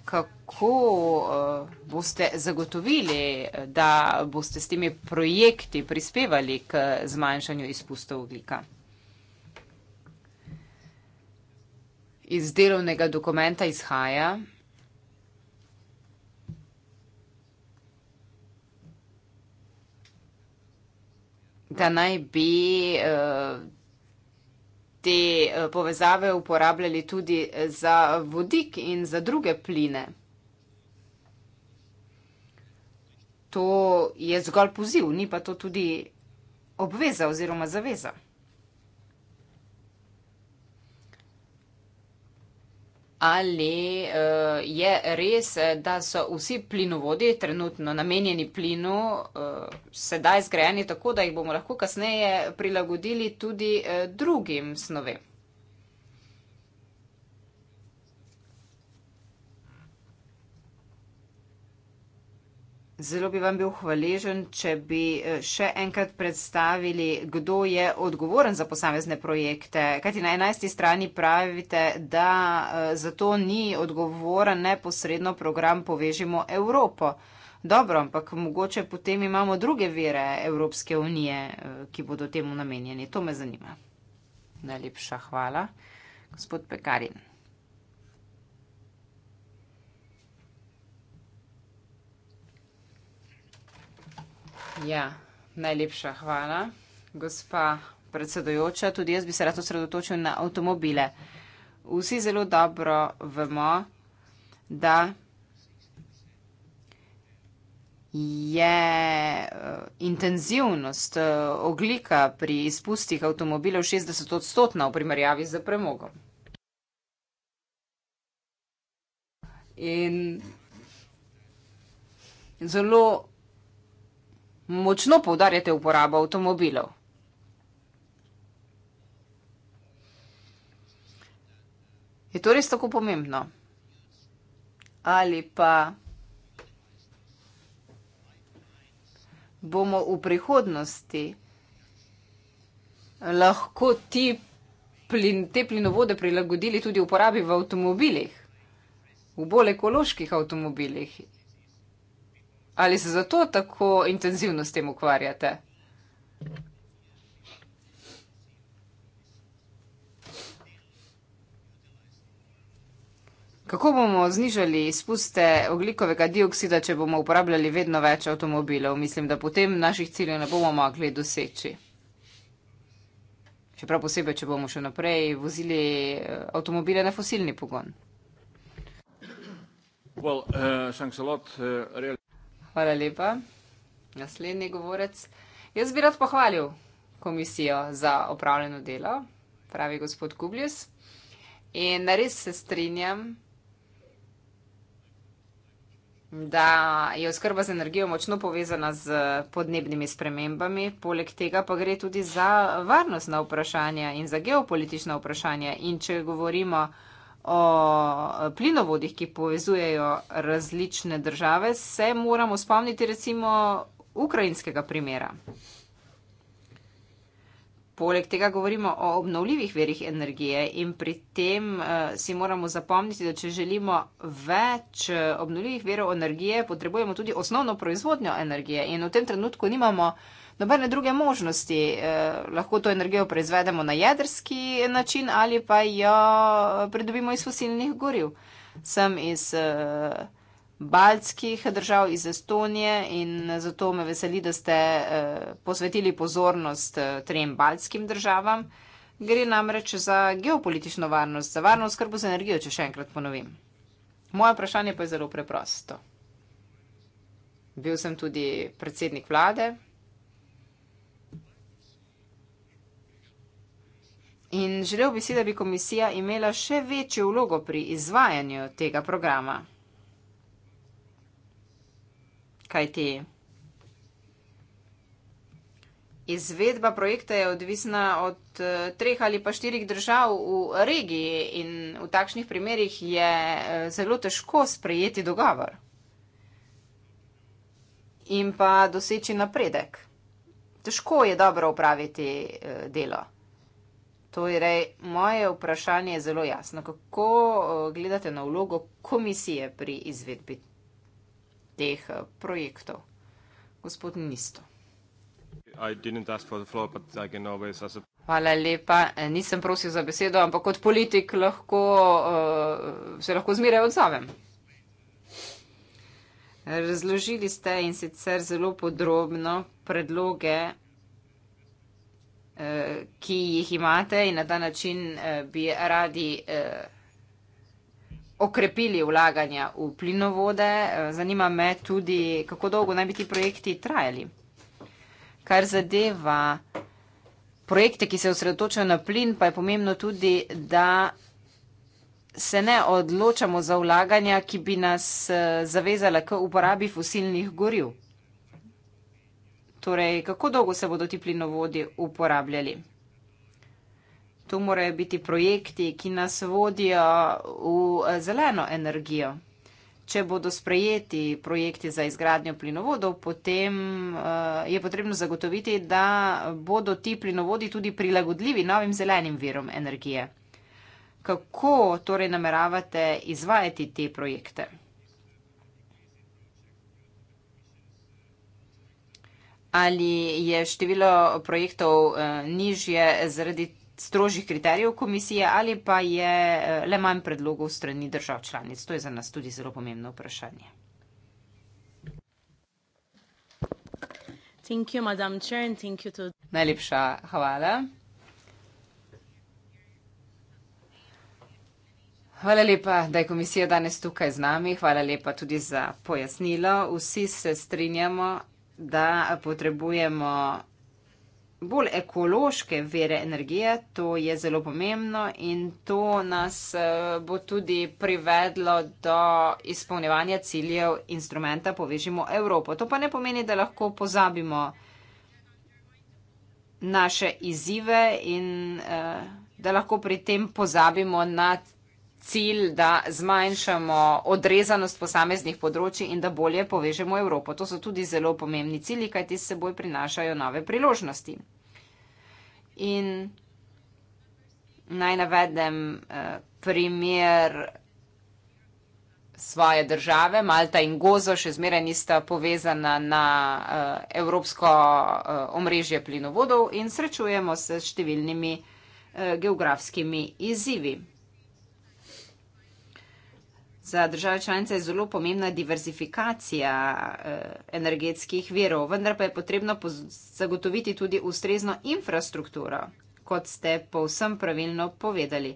kako uh, boste zagotovili, da boste s temi projekti prispevali k zmanjšanju izpustov oglika? Iz delovnega dokumenta izhaja, da naj bi. Uh, te eh, povezave uporabljali tudi za vodik in za druge pline. To je zgolj poziv, ni pa to tudi obveza oziroma zaveza. ali uh, je res, eh, da so vsi plinovodi trenutno namenjeni plinu, uh, sedaj zgrajeni tako, da jih bomo lahko kasneje prilagodili tudi uh, drugim snovem. Zelo bi vam bil hvaležen, če bi eh, še enkrat predstavili, kdo je odgovoren za posamezne projekte. Kajti na 11. strani pravite, da eh, za to ni odgovoren neposredno program Povežimo Evropo. Dobro, ampak mogoče potem imamo druge vere Evropske unije, eh, ki bodo temu namenjeni. To me zanima. Najlepša hvala. Gospod Pekarin. Ja, najlepša hvala. Gospa predsedojoča, tudi jaz bi se rad osredotočil na avtomobile. Vsi zelo dobro vemo, da je eh, intenzivnost eh, oglika pri izpustih avtomobilov 60 odstotna v primerjavi z premogom. In zelo močno povdarjate uporabo avtomobilov. Je to res tako pomembno? Ali pa bomo v prihodnosti lahko ti plin, te plinovode prilagodili tudi uporabi v avtomobilih, v bolj ekoloških avtomobilih Ali se zato tako intenzivno s tem ukvarjate? Kako bomo znižali izpuste oglikovega dioksida, če bomo uporabljali vedno več avtomobilov? Mislim, da potem naših ciljev ne bomo mogli doseči. Še prav posebej, če bomo še naprej vozili eh, avtomobile na fosilni pogon. Well, uh, Hvala lepa. Naslednji govorec. Jaz bi rad pohvalil komisijo za opravljeno delo, pravi gospod Kubljus. In res se strinjam, da je oskrba z energijo močno povezana z podnebnimi spremembami, poleg tega pa gre tudi za varnostna vprašanja in za geopolitična vprašanja. In če govorimo o plinovodih, ki povezujejo različne države, se moramo spomniti recimo ukrajinskega primera. Poleg tega govorimo o obnovljivih verjih energije in pri tem uh, si moramo zapomniti, da če želimo več eh, obnovljivih verov energije, potrebujemo tudi osnovno proizvodnjo energije in v tem trenutku nimamo uh, nobene druge možnosti. Eh, lahko to energijo proizvedemo na jedrski način ali pa jo pridobimo iz fosilnih goriv. Sem iz eh, baltskih držav, iz Estonije in zato me veseli, da ste eh, posvetili pozornost trem baltskim državam. Gre namreč za geopolitično varnost, za varno skrbo z energijo, če še enkrat ponovim. Moje vprašanje pa je zelo preprosto. Bil sem tudi predsednik vlade, In želel bi si, da bi komisija imela še večjo vlogo pri izvajanju tega programa. Kaj ti? Izvedba projekta je odvisna od eh, treh ali pa štirih držav v regiji in v takšnih primerjih je eh, zelo težko sprejeti dogovor in pa doseči napredek. Težko je dobro upraviti eh, delo. Torej, moje vprašanje je zelo jasno. Kako eh, gledate na vlogo komisije pri izvedbi teh eh, projektov? Gospod Nisto. Floor, always... Hvala lepa. Eh, nisem prosil za besedo, ampak kot politik lahko, se lahko zmeraj odzovem. Razložili ste in sicer zelo podrobno predloge Eh, ki jih imate in na ta način eh, bi radi eh, okrepili vlaganja v plinovode. Zanima me tudi, kako dolgo naj bi ti projekti trajali. Kar zadeva projekte, ki se osredotočajo na plin, pa je pomembno tudi, da se ne odločamo za vlaganja, ki bi nas zavezala k uporabi fosilnih goriv. Torej, kako dolgo se bodo ti plinovodi uporabljali? To morajo biti projekti, ki nas vodijo v eh, zeleno energijo. Če bodo sprejeti projekti za izgradnjo plinovodov, potem eh, je potrebno zagotoviti, da bodo ti plinovodi tudi prilagodljivi novim zelenim virom energije. Kako torej nameravate izvajati te projekte? Ali je število projektov eh, nižje zaradi strožjih kriterijev komisije ali pa je eh, le manj predlogov strani držav članic? To je za nas tudi zelo pomembno vprašanje. Thank you, Madam Chair, and thank you to... Najlepša hvala. Hvala lepa, da je komisija danes tukaj z nami. Hvala lepa tudi za pojasnilo. Vsi se strinjamo, da potrebujemo bolj ekološke vere energije. To je zelo pomembno in to nas eh, bo tudi privedlo do izpolnjevanja ciljev instrumenta Povežimo Evropo. To pa ne pomeni, da lahko pozabimo naše izzive in eh, da lahko pri tem pozabimo na cilj, da zmanjšamo odrezanost posameznih področji in da bolje povežemo Evropo. To so tudi zelo pomembni cilji, kaj ti seboj prinašajo nove priložnosti. In naj navedem eh, primer svoje države. Malta in Gozo še zmeraj nista povezana na eh, evropsko eh, omrežje plinovodov in srečujemo se s številnimi geografskimi izzivi. Za države članice je zelo pomembna diversifikacija eh, energetskih virov, vendar pa je potrebno zagotoviti tudi ustrezno infrastrukturo, kot ste povsem pravilno povedali.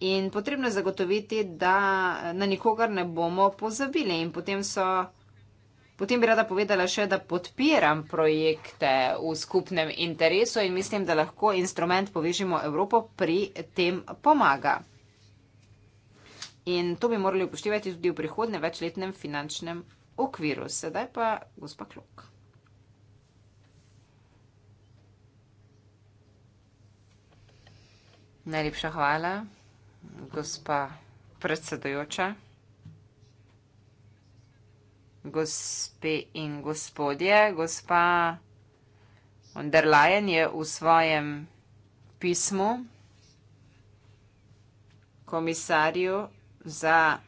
In potrebno je zagotoviti, da eh, na nikogar ne bomo pozabili. In potem, so, potem bi rada povedala še, da podpiram projekte v skupnem interesu in mislim, da lahko instrument Povežimo Evropo pri tem pomaga. In to bi morali upoštevati tudi v prihodnem večletnem finančnem okviru. Sedaj pa gospa Klok. Najlepša hvala, gospa predsedojoča, gospe in gospodje. Gospa von der Leyen je v svojem pismu komisarju za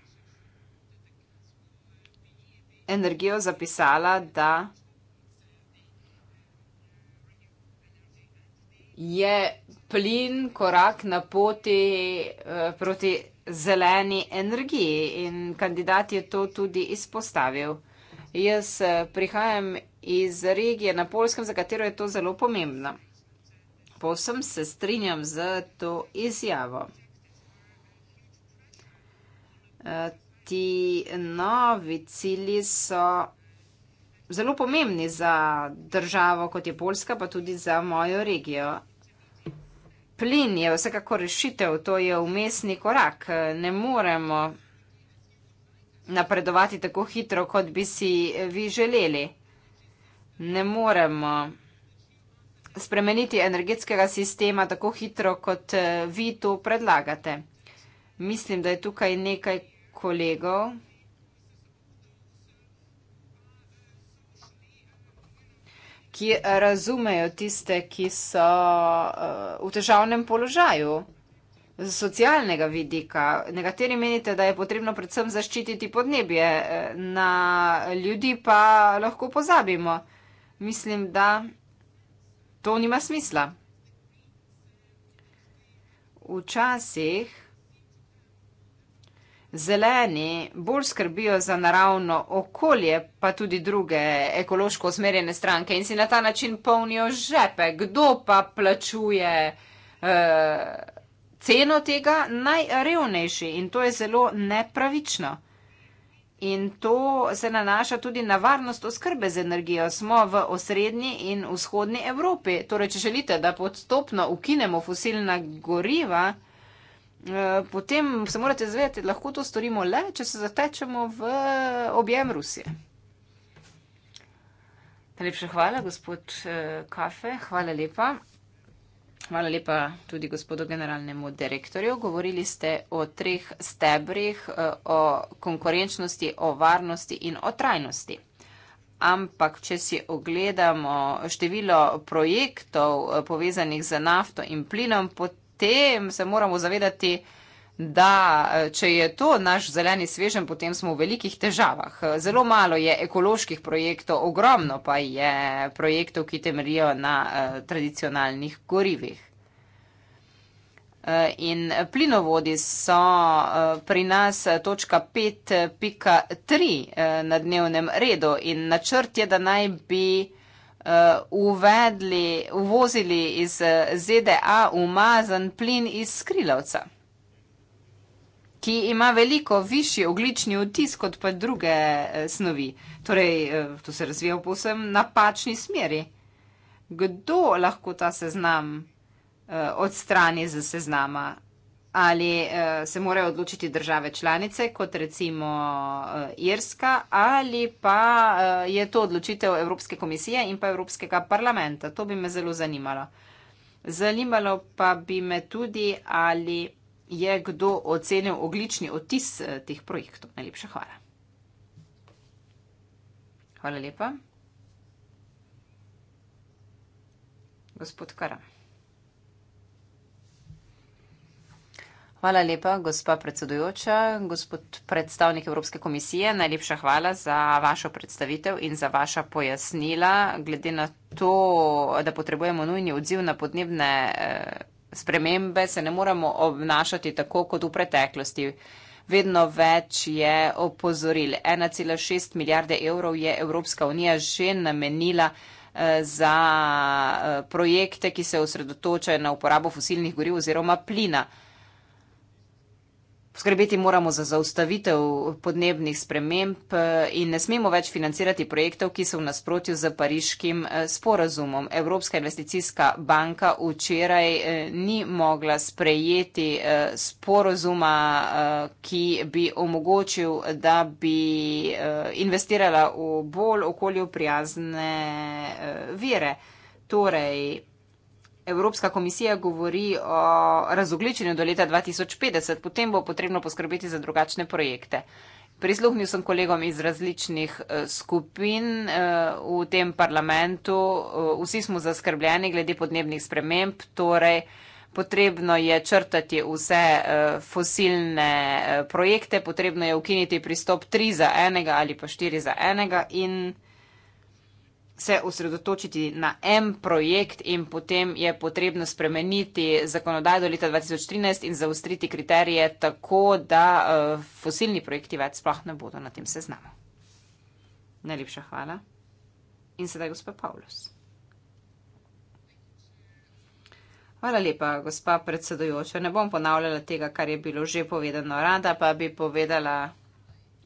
energijo zapisala, da je plin korak na poti eh, proti zeleni energiji in kandidat je to tudi izpostavil. Jaz eh, prihajam iz regije na Polskem, za katero je to zelo pomembno. Povsem se strinjam z to izjavo ti novi cilji so zelo pomembni za državo, kot je Poljska, pa tudi za mojo regijo. Plin je vsekako rešitev, to je umestni korak. Ne moremo napredovati tako hitro, kot bi si vi želeli. Ne moremo spremeniti energetskega sistema tako hitro, kot vi to predlagate. Mislim, da je tukaj nekaj, kolegov. ki razumejo tiste, ki so eh, v težavnem položaju z socialnega vidika. Nekateri menite, da je potrebno predvsem zaščititi podnebje, eh, na ljudi pa lahko pozabimo. Mislim, da to nima smisla. Včasih Zeleni bolj skrbijo za naravno okolje, pa tudi druge ekološko usmerjene stranke in si na ta način polnijo žepe. Kdo pa plačuje eh, ceno tega? Najrevnejši in to je zelo nepravično. In to se nanaša tudi na varnost oskrbe z energijo. Smo v osrednji in vzhodni Evropi. Torej, če želite, da podstopno ukinemo fosilna goriva, Eh, potem se morate zavedati, da lahko to storimo le, če se zatečemo v objem Rusije. Najlepša hvala, gospod eh, Kafe. Hvala lepa. Hvala lepa tudi gospodu generalnemu direktorju. Govorili ste o treh stebrih, eh, o konkurenčnosti, o varnosti in o trajnosti. Ampak, če si ogledamo število projektov povezanih z nafto in plinom, potem potem se moramo zavedati, da eh, če je to naš zeleni svežen, potem smo v velikih težavah. Zelo malo je ekoloških projektov, ogromno pa je projektov, ki temerijo na uh, tradicionalnih gorivih. Eh, in plinovodi so pri nas točka 5.3 na dnevnem redu in načrt je, da naj bi Eh, uvedli, uvozili iz eh, ZDA umazan plin iz skrilavca, ki ima veliko višji oglični vtis kot pa druge eh, snovi. Torej, to se razvija v posebnem napačni smeri. Kdo lahko ta seznam odstrani z seznama? ali uh, se morajo odločiti države članice, kot recimo uh, Irska, ali pa uh, je to odločitev Evropske komisije in pa Evropskega parlamenta. To bi me zelo zanimalo. Zanimalo pa bi me tudi, ali je kdo ocenil oglični otis teh projektov. Najlepša hvala. Hvala lepa. Gospod Karam. Hvala lepa, gospa predsedujoča, gospod predstavnik Evropske komisije. Najlepša hvala za vašo predstavitev in za vaša pojasnila. Glede na to, da potrebujemo nujni odziv na podnebne eh, spremembe, se ne moremo obnašati tako kot v preteklosti. Vedno več je opozoril. 1,6 milijarde evrov je Evropska unija že namenila eh, za eh, projekte, ki se osredotočajo na uporabo fosilnih goriv oziroma plina. Skrbeti moramo za zaustavitev podnebnih sprememb eh, in ne smemo več financirati projektov, ki so v nasprotju z pariškim eh, sporazumom. Evropska investicijska banka včeraj eh, ni mogla sprejeti sporazuma, ki bi omogočil, da bi investirala v bolj okolju prijazne vire. Torej, Evropska komisija govori o razogličenju do leta 2050, potem bo potrebno poskrbeti za drugačne projekte. Prisluhnil sem kolegom iz različnih eh, skupin eh, v tem parlamentu, eh, vsi smo zaskrbljeni glede podnebnih sprememb, torej potrebno je črtati vse fosilne projekte, potrebno je ukiniti pristop 3 za enega ali pa 4 za enega in se osredotočiti na en projekt in potem je potrebno spremeniti zakonodajo do leta 2013 in zaustriti kriterije tako, da eh, fosilni projekti več sploh ne bodo na tem seznamu. Najlepša hvala. In sedaj gospod Pavlos. Hvala lepa, gospa predsedujoča. Ne bom ponavljala tega, kar je bilo že povedano. Rada pa bi povedala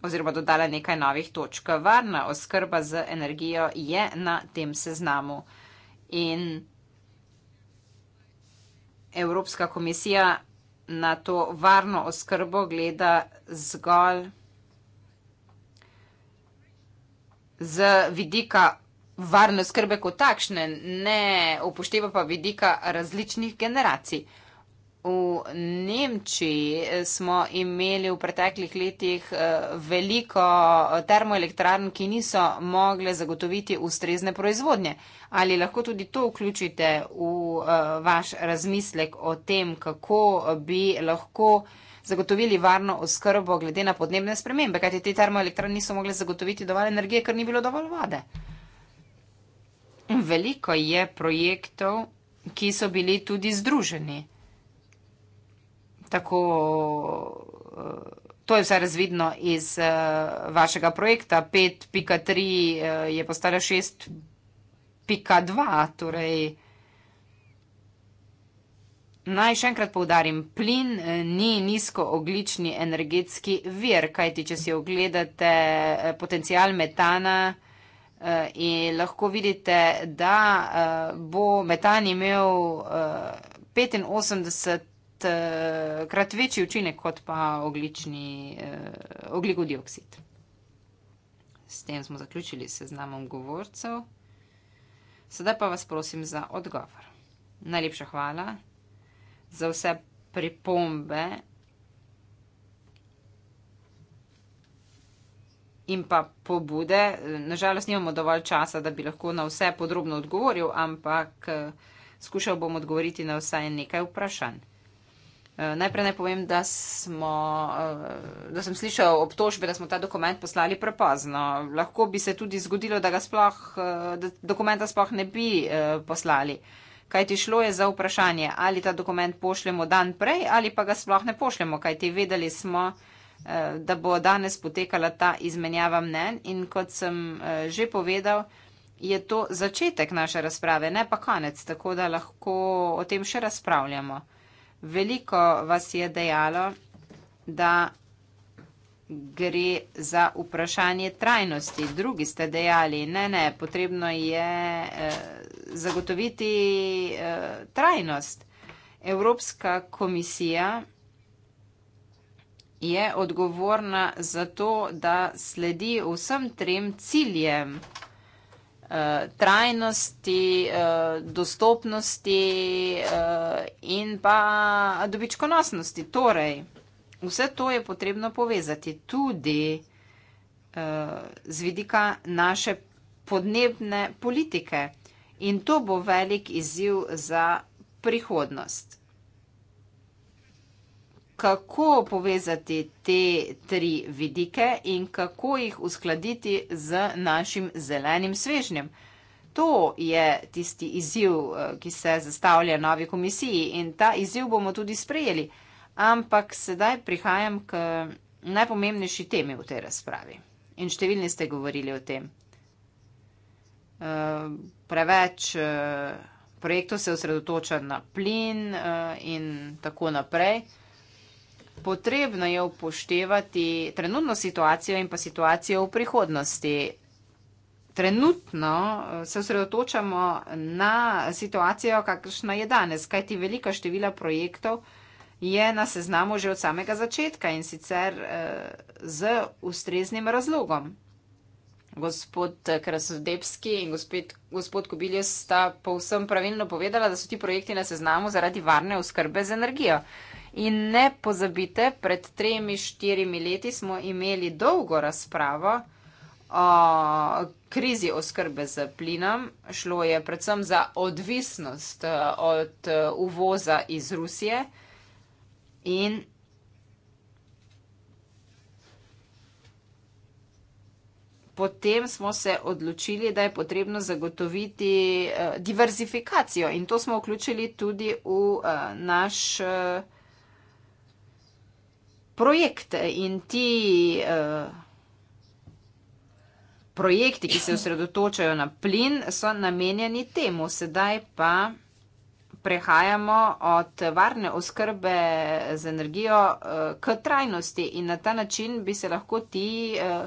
oziroma dodala nekaj novih točk. Varna oskrba z energijo je na tem seznamu in Evropska komisija na to varno oskrbo gleda zgolj z vidika varne oskrbe kot takšne, ne upošteva pa vidika različnih generacij. V Nemčiji smo imeli v preteklih letih eh, veliko eh, termoelektrarn, ki niso mogle zagotoviti ustrezne proizvodnje. Ali lahko tudi to vključite v eh, vaš razmislek o tem, kako bi lahko zagotovili varno oskrbo glede na podnebne spremembe, kajti te termoelektrarne niso mogle zagotoviti dovolj energije, ker ni bilo dovolj vode. Veliko je projektov, ki so bili tudi združeni tako eh, To je vse razvidno iz uh, vašega projekta. 5.3 eh, je postala 6.2. Torej, naj še enkrat povdarim, plin ni nizkooglični energetski vir, kajti če si ogledate potencial metana uh, in lahko vidite, da uh, bo metan imel uh, 85 Eh, krat večji učinek kot pa oglični, eh, ogljikov dioksid. S tem smo zaključili seznamom govorcev. Sedaj pa vas prosim za odgovor. Najlepša hvala za vse pripombe in pa pobude. Nažalost, nimamo dovolj časa, da bi lahko na vse podrobno odgovoril, ampak eh, skušal bom odgovoriti na vsaj nekaj vprašanj. Eh, najprej naj povem, da, smo, eh, da sem slišal obtožbe, da smo ta dokument poslali prepozno. Lahko bi se tudi zgodilo, da, sploh, eh, da dokumenta sploh ne bi poslali. Kaj ti šlo je za vprašanje, ali ta dokument pošljemo dan prej ali pa ga sploh ne pošljemo, kaj ti vedeli smo, da bo danes potekala ta izmenjava mnen in kot sem že povedal, je to začetek naše razprave, ne pa konec, tako da lahko o tem še razpravljamo. Veliko vas je dejalo, da gre za vprašanje trajnosti. Drugi ste dejali, ne, ne, potrebno je eh, zagotoviti eh, trajnost. Evropska komisija je odgovorna za to, da sledi vsem trem ciljem. Eh, trajnosti, eh, dostopnosti eh, in pa dobičkonosnosti. Torej, vse to je potrebno povezati tudi z vidika naše podnebne politike in to bo velik izziv za prihodnost kako povezati te tri vidike in kako jih uskladiti z našim zelenim svežnjem. To je tisti izziv, eh, ki se zastavlja novi komisiji in ta izziv bomo tudi sprejeli. Ampak sedaj prihajam k najpomembnejši temi v tej razpravi. In številni ste govorili o tem. Eh, preveč eh, projektov se osredotoča na plin in tako naprej. Potrebno je upoštevati trenutno situacijo in pa situacijo v prihodnosti. Trenutno eh, se osredotočamo na situacijo, kakršna je danes, kajti velika števila projektov je na seznamu že od samega začetka in sicer eh, z ustreznim razlogom. Gospod Krasodebski in gospod, gospod Kubiljus sta povsem pravilno povedala, da so ti projekti na seznamu zaradi varne oskrbe z energijo. In ne pozabite, pred tremi, štirimi leti smo imeli dolgo razpravo o krizi oskrbe z plinom. Šlo je predvsem za odvisnost eh, od eh, uvoza iz Rusije. In Potem smo se odločili, da je potrebno zagotoviti eh, diverzifikacijo in to smo vključili tudi v naš projekte in ti eh, projekti, ki se osredotočajo na plin, so namenjeni temu. Sedaj pa prehajamo od varne oskrbe z energijo eh, k trajnosti in na ta način bi se lahko ti eh,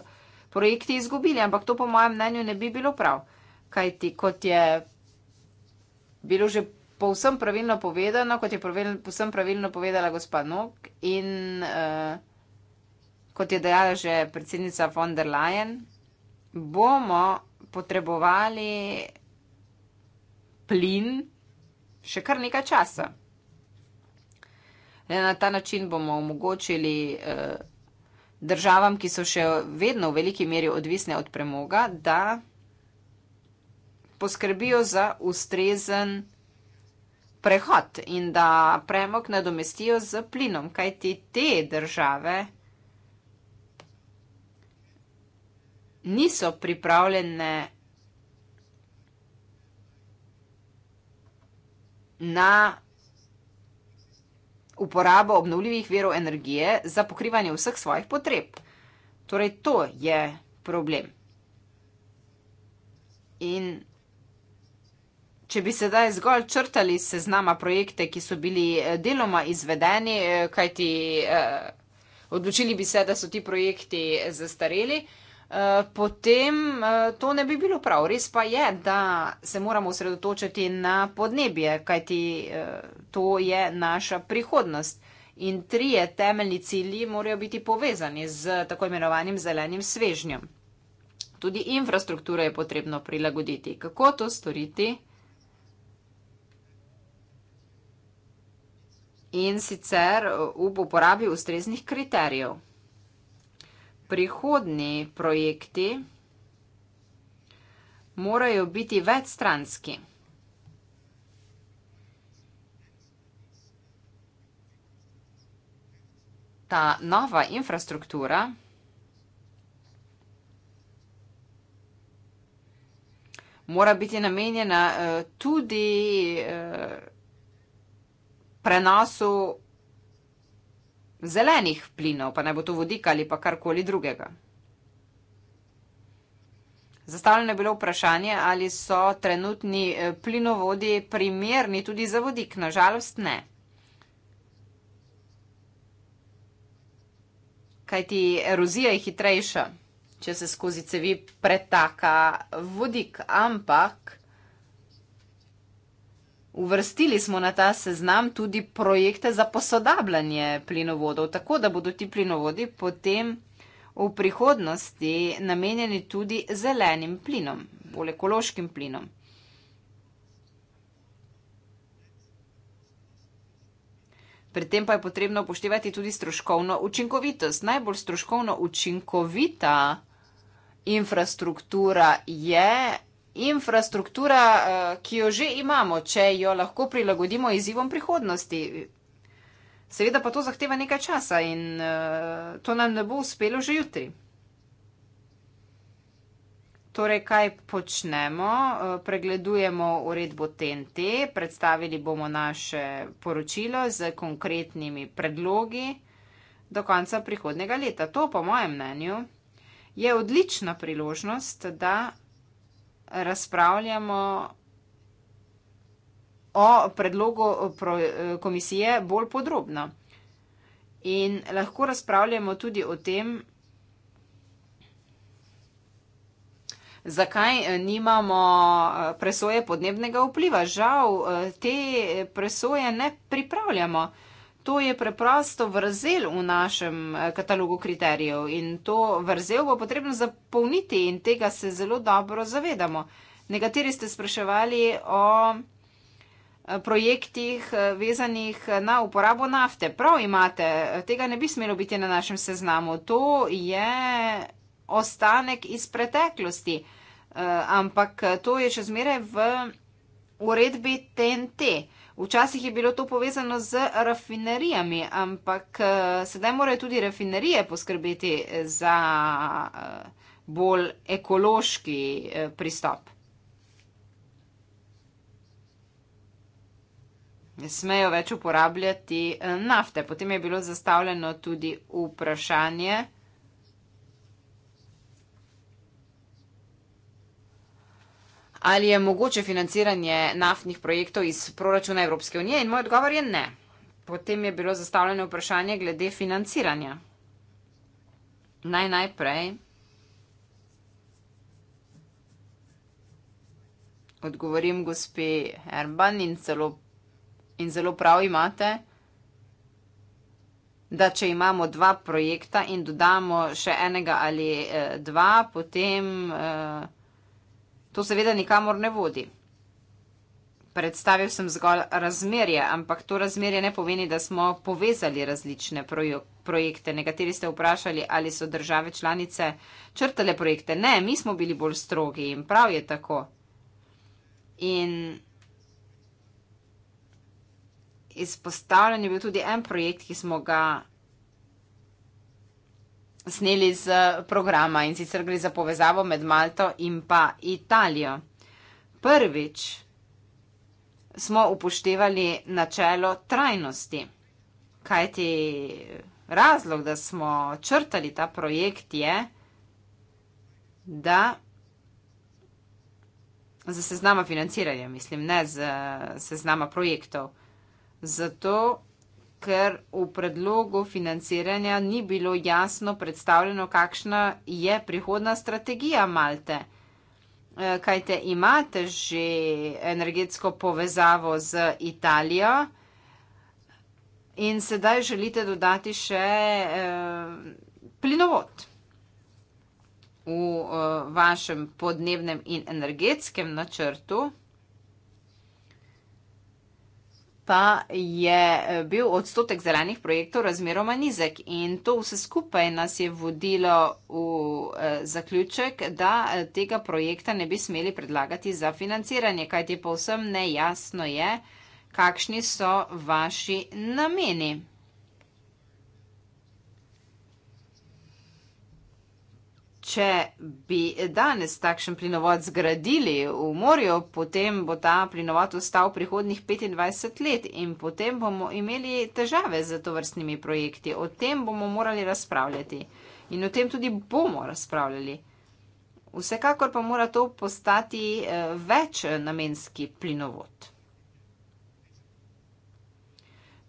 projekti izgubili, ampak to po mojem mnenju ne bi bilo prav. Kaj ti, kot je bilo že povsem pravilno povedano, kot je pravilno, povsem pravilno povedala gospa Nok in uh, kot je dejala že predsednica von der Leyen, bomo potrebovali plin še kar nekaj časa. Le eh, na ta način bomo omogočili uh, državam, ki so še vedno v veliki meri odvisne od premoga, da poskrbijo za ustrezen prehod in da premog nadomestijo z plinom, kajti te države niso pripravljene na uporabo obnovljivih verov energije za pokrivanje vseh svojih potreb. Torej, to je problem. In Če bi sedaj zgolj črtali seznama projekte, ki so bili eh, deloma izvedeni, eh, kajti eh, odločili bi se, da so ti projekti zastareli, potem to ne bi bilo prav. Res pa je, da se moramo osredotočiti na podnebje, kajti to je naša prihodnost. In trije temeljni cilji morajo biti povezani z tako imenovanim zelenim svežnjem. Tudi infrastrukturo je potrebno prilagoditi. Kako to storiti? in sicer uh, ob uporabi ustreznih kriterijev. Prihodni projekti morajo biti večstranski. Ta nova infrastruktura mora biti namenjena uh, tudi uh, prenosu zelenih plinov, pa naj bo to vodik ali pa karkoli drugega. Zastavljeno je bilo vprašanje, ali so trenutni eh, plinovodi primerni tudi za vodik. Nažalost ne. Kaj ti erozija je hitrejša, če se skozi cevi pretaka vodik, ampak Uvrstili smo na ta seznam tudi projekte za posodabljanje plinovodov, tako da bodo ti plinovodi potem v prihodnosti namenjeni tudi zelenim plinom, bolj ekološkim plinom. Pri tem pa je potrebno upoštevati tudi stroškovno učinkovitost. Najbolj stroškovno učinkovita infrastruktura je infrastruktura, eh, ki jo že imamo, če jo lahko prilagodimo izzivom prihodnosti. Seveda pa to zahteva nekaj časa in eh, to nam ne bo uspelo že jutri. Torej, kaj počnemo? Eh, pregledujemo uredbo TNT, predstavili bomo naše poročilo z konkretnimi predlogi do konca prihodnega leta. To, po mojem mnenju, je odlična priložnost, da razpravljamo o predlogu pro, komisije bolj podrobno. In lahko razpravljamo tudi o tem, zakaj eh, nimamo eh, presoje podnebnega vpliva. Žal eh, te presoje ne pripravljamo to je preprosto vrzel v našem eh, katalogu kriterijev in to vrzel bo potrebno zapolniti in tega se zelo dobro zavedamo. Nekateri ste spraševali o eh, projektih eh, vezanih na uporabo nafte. Prav imate, tega ne bi smelo biti na našem seznamu. To je ostanek iz preteklosti, ampak to je še zmeraj v uredbi TNT. Včasih je bilo to povezano z rafinerijami, ampak eh, sedaj morajo tudi rafinerije poskrbeti eh, za eh, bolj ekološki pristop. Ne smejo več uporabljati nafte. Potem je bilo zastavljeno tudi vprašanje. Ali je mogoče financiranje naftnih projektov iz proračuna Evropske unije? In moj odgovor je ne. Potem je bilo zastavljeno vprašanje glede financiranja. Naj najprej odgovorim gospe Erban in zelo, in zelo prav imate, da če imamo dva projekta in dodamo še enega ali eh, dva, potem. Eh, To seveda nikamor ne vodi. Predstavil sem zgolj razmerje, ampak to razmerje ne pomeni, da smo povezali različne projekte. Nekateri ste vprašali, ali so države članice črtale projekte. Ne, mi smo bili bolj strogi in prav je tako. In izpostavljen je bil tudi en projekt, ki smo ga sneli z programa in sicer gre za povezavo med Malto in pa Italijo. Prvič smo upoštevali načelo trajnosti, kajti razlog, da smo črtali ta projekt je, da za seznama financiranja, mislim, ne za seznama projektov. Zato ker v predlogu financiranja ni bilo jasno predstavljeno, kakšna je prihodna strategija Malte. Eh, Kaj te imate že energetsko povezavo z Italijo in sedaj želite dodati še eh, plinovod v eh, vašem podnebnem in energetskem načrtu pa je eh, bil odstotek zelenih projektov razmeroma nizek in to vse skupaj nas je vodilo v eh, zaključek, da eh, tega projekta ne bi smeli predlagati za financiranje, kajti povsem nejasno je, kakšni so vaši nameni. če bi danes takšen plinovod zgradili v morju, potem bo ta plinovod ostal prihodnih 25 let in potem bomo imeli težave z to vrstnimi projekti. O tem bomo morali razpravljati in o tem tudi bomo razpravljali. Vsekakor pa mora to postati eh, več namenski plinovod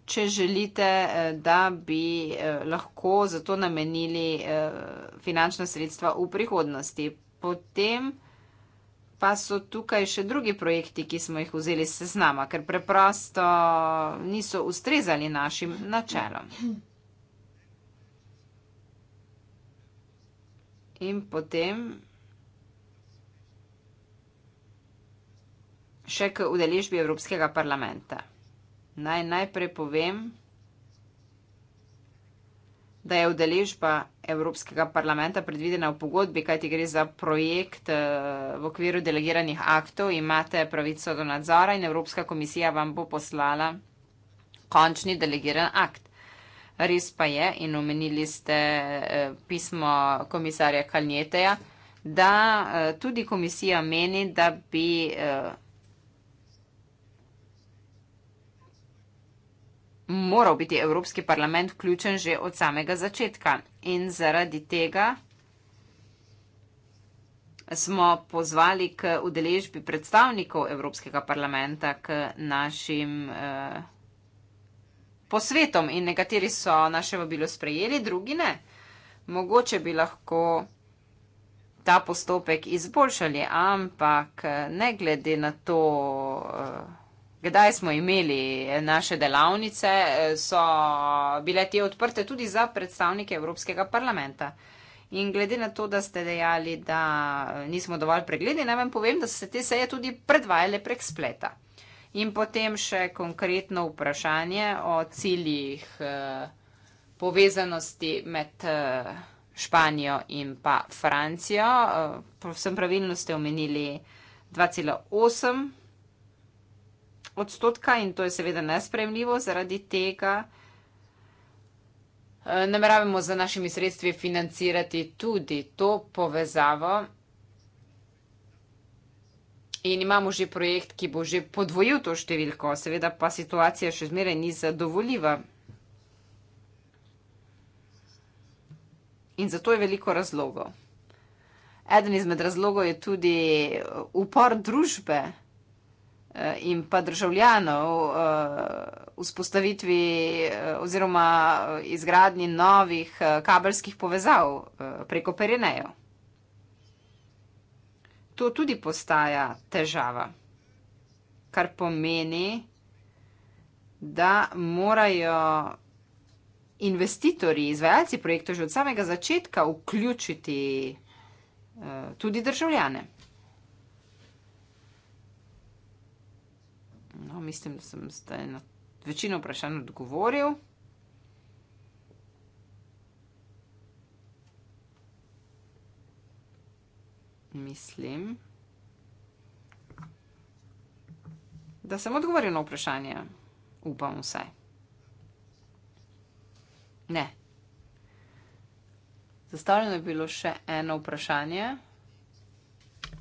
če želite, eh, da bi eh, lahko za to namenili eh, finančna sredstva v prihodnosti. Potem pa so tukaj še drugi projekti, ki smo jih vzeli se z nama, ker preprosto niso ustrezali našim načelom. In potem še k udeležbi Evropskega parlamenta naj najprej povem, da je udeležba Evropskega parlamenta predvidena v pogodbi, kajti gre za projekt eh, v okviru delegiranih aktov, imate pravico do nadzora in Evropska komisija vam bo poslala končni delegiran akt. Res pa je, in omenili ste eh, pismo komisarja Kalnjeteja, da eh, tudi komisija meni, da bi moral biti Evropski parlament vključen že od samega začetka. In zaradi tega smo pozvali k udeležbi predstavnikov Evropskega parlamenta k našim eh, posvetom. In nekateri so naše vabilo sprejeli, drugi ne. Mogoče bi lahko ta postopek izboljšali, ampak eh, ne glede na to. Eh, Kdaj smo imeli eh, naše delavnice, eh, so bile te odprte tudi za predstavnike Evropskega parlamenta. In glede na to, da ste dejali, da eh, nismo dovolj pregledni, naj vam povem, da so se te seje tudi predvajale prek spleta. In potem še konkretno vprašanje o ciljih povezanosti med Španijo in pa Francijo. Vsem pravilno ste omenili 2,8 odstotka in to je seveda nespremljivo zaradi tega. Eh, nameravamo za našimi sredstvi financirati tudi to povezavo in imamo že projekt, ki bo že podvojil to številko, seveda pa situacija še zmeraj ni zadovoljiva. In zato je veliko razlogov. Eden izmed razlogov je tudi eh, upor družbe. Eh, in pa državljanov eh, vzpostavitvi eh, oziroma izgradnji novih kabelskih povezav preko Perinejo. To tudi postaja težava, kar pomeni, da morajo investitorji, izvajalci projektov že od samega začetka vključiti tudi državljane. mislim, da sem zdaj na večino vprašanj odgovoril. Mislim, da sem odgovoril na vprašanje, upam vse. Ne. Zastavljeno je bilo še eno vprašanje e,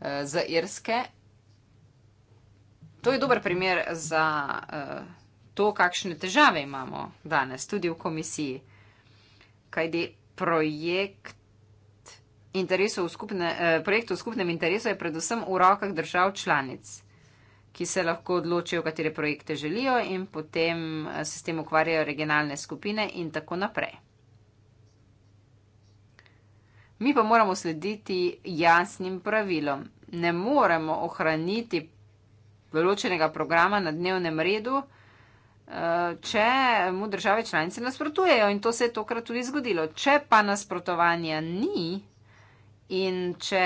eh, za Irske. To je dober primer za uh, to, kakšne težave imamo danes, tudi v komisiji. Kaj je projekt skupne, uh, eh, projektu v skupnem interesu, je predvsem v rokah držav članic, ki se lahko odločijo, katere projekte želijo, in potem eh, se s tem ukvarjajo regionalne skupine in tako naprej. Mi pa moramo slediti jasnim pravilom. Ne moremo ohraniti določenega programa na dnevnem redu, eh, če mu države članice nasprotujejo in to se je tokrat tudi zgodilo. Če pa nasprotovanja ni in če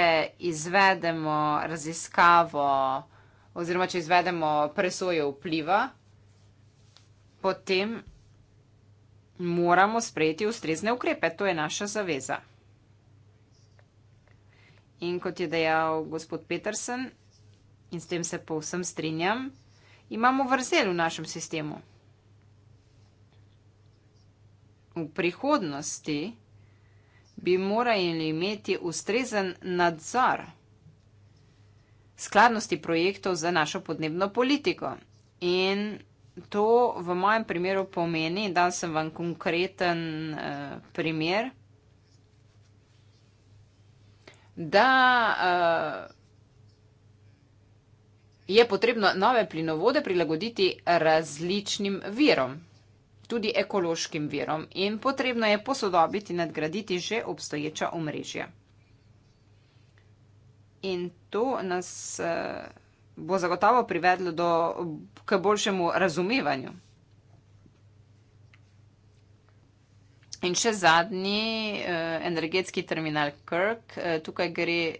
izvedemo raziskavo oziroma če izvedemo presojo vpliva, potem moramo sprejeti ustrezne ukrepe. To je naša zaveza. In kot je dejal gospod Petersen, in s tem se povsem strinjam, imamo vrzel v našem sistemu. V prihodnosti bi morali imeti ustrezen nadzor skladnosti projektov za našo podnebno politiko. In to v mojem primeru pomeni, da sem vam konkreten eh, primer, da eh, je potrebno nove plinovode prilagoditi različnim virom, tudi ekološkim virom in potrebno je posodobiti in nadgraditi že obstoječa omrežja. In to nas eh, bo zagotovo privedlo do, k boljšemu razumevanju. In še zadnji eh, energetski terminal Krk, eh, tukaj gre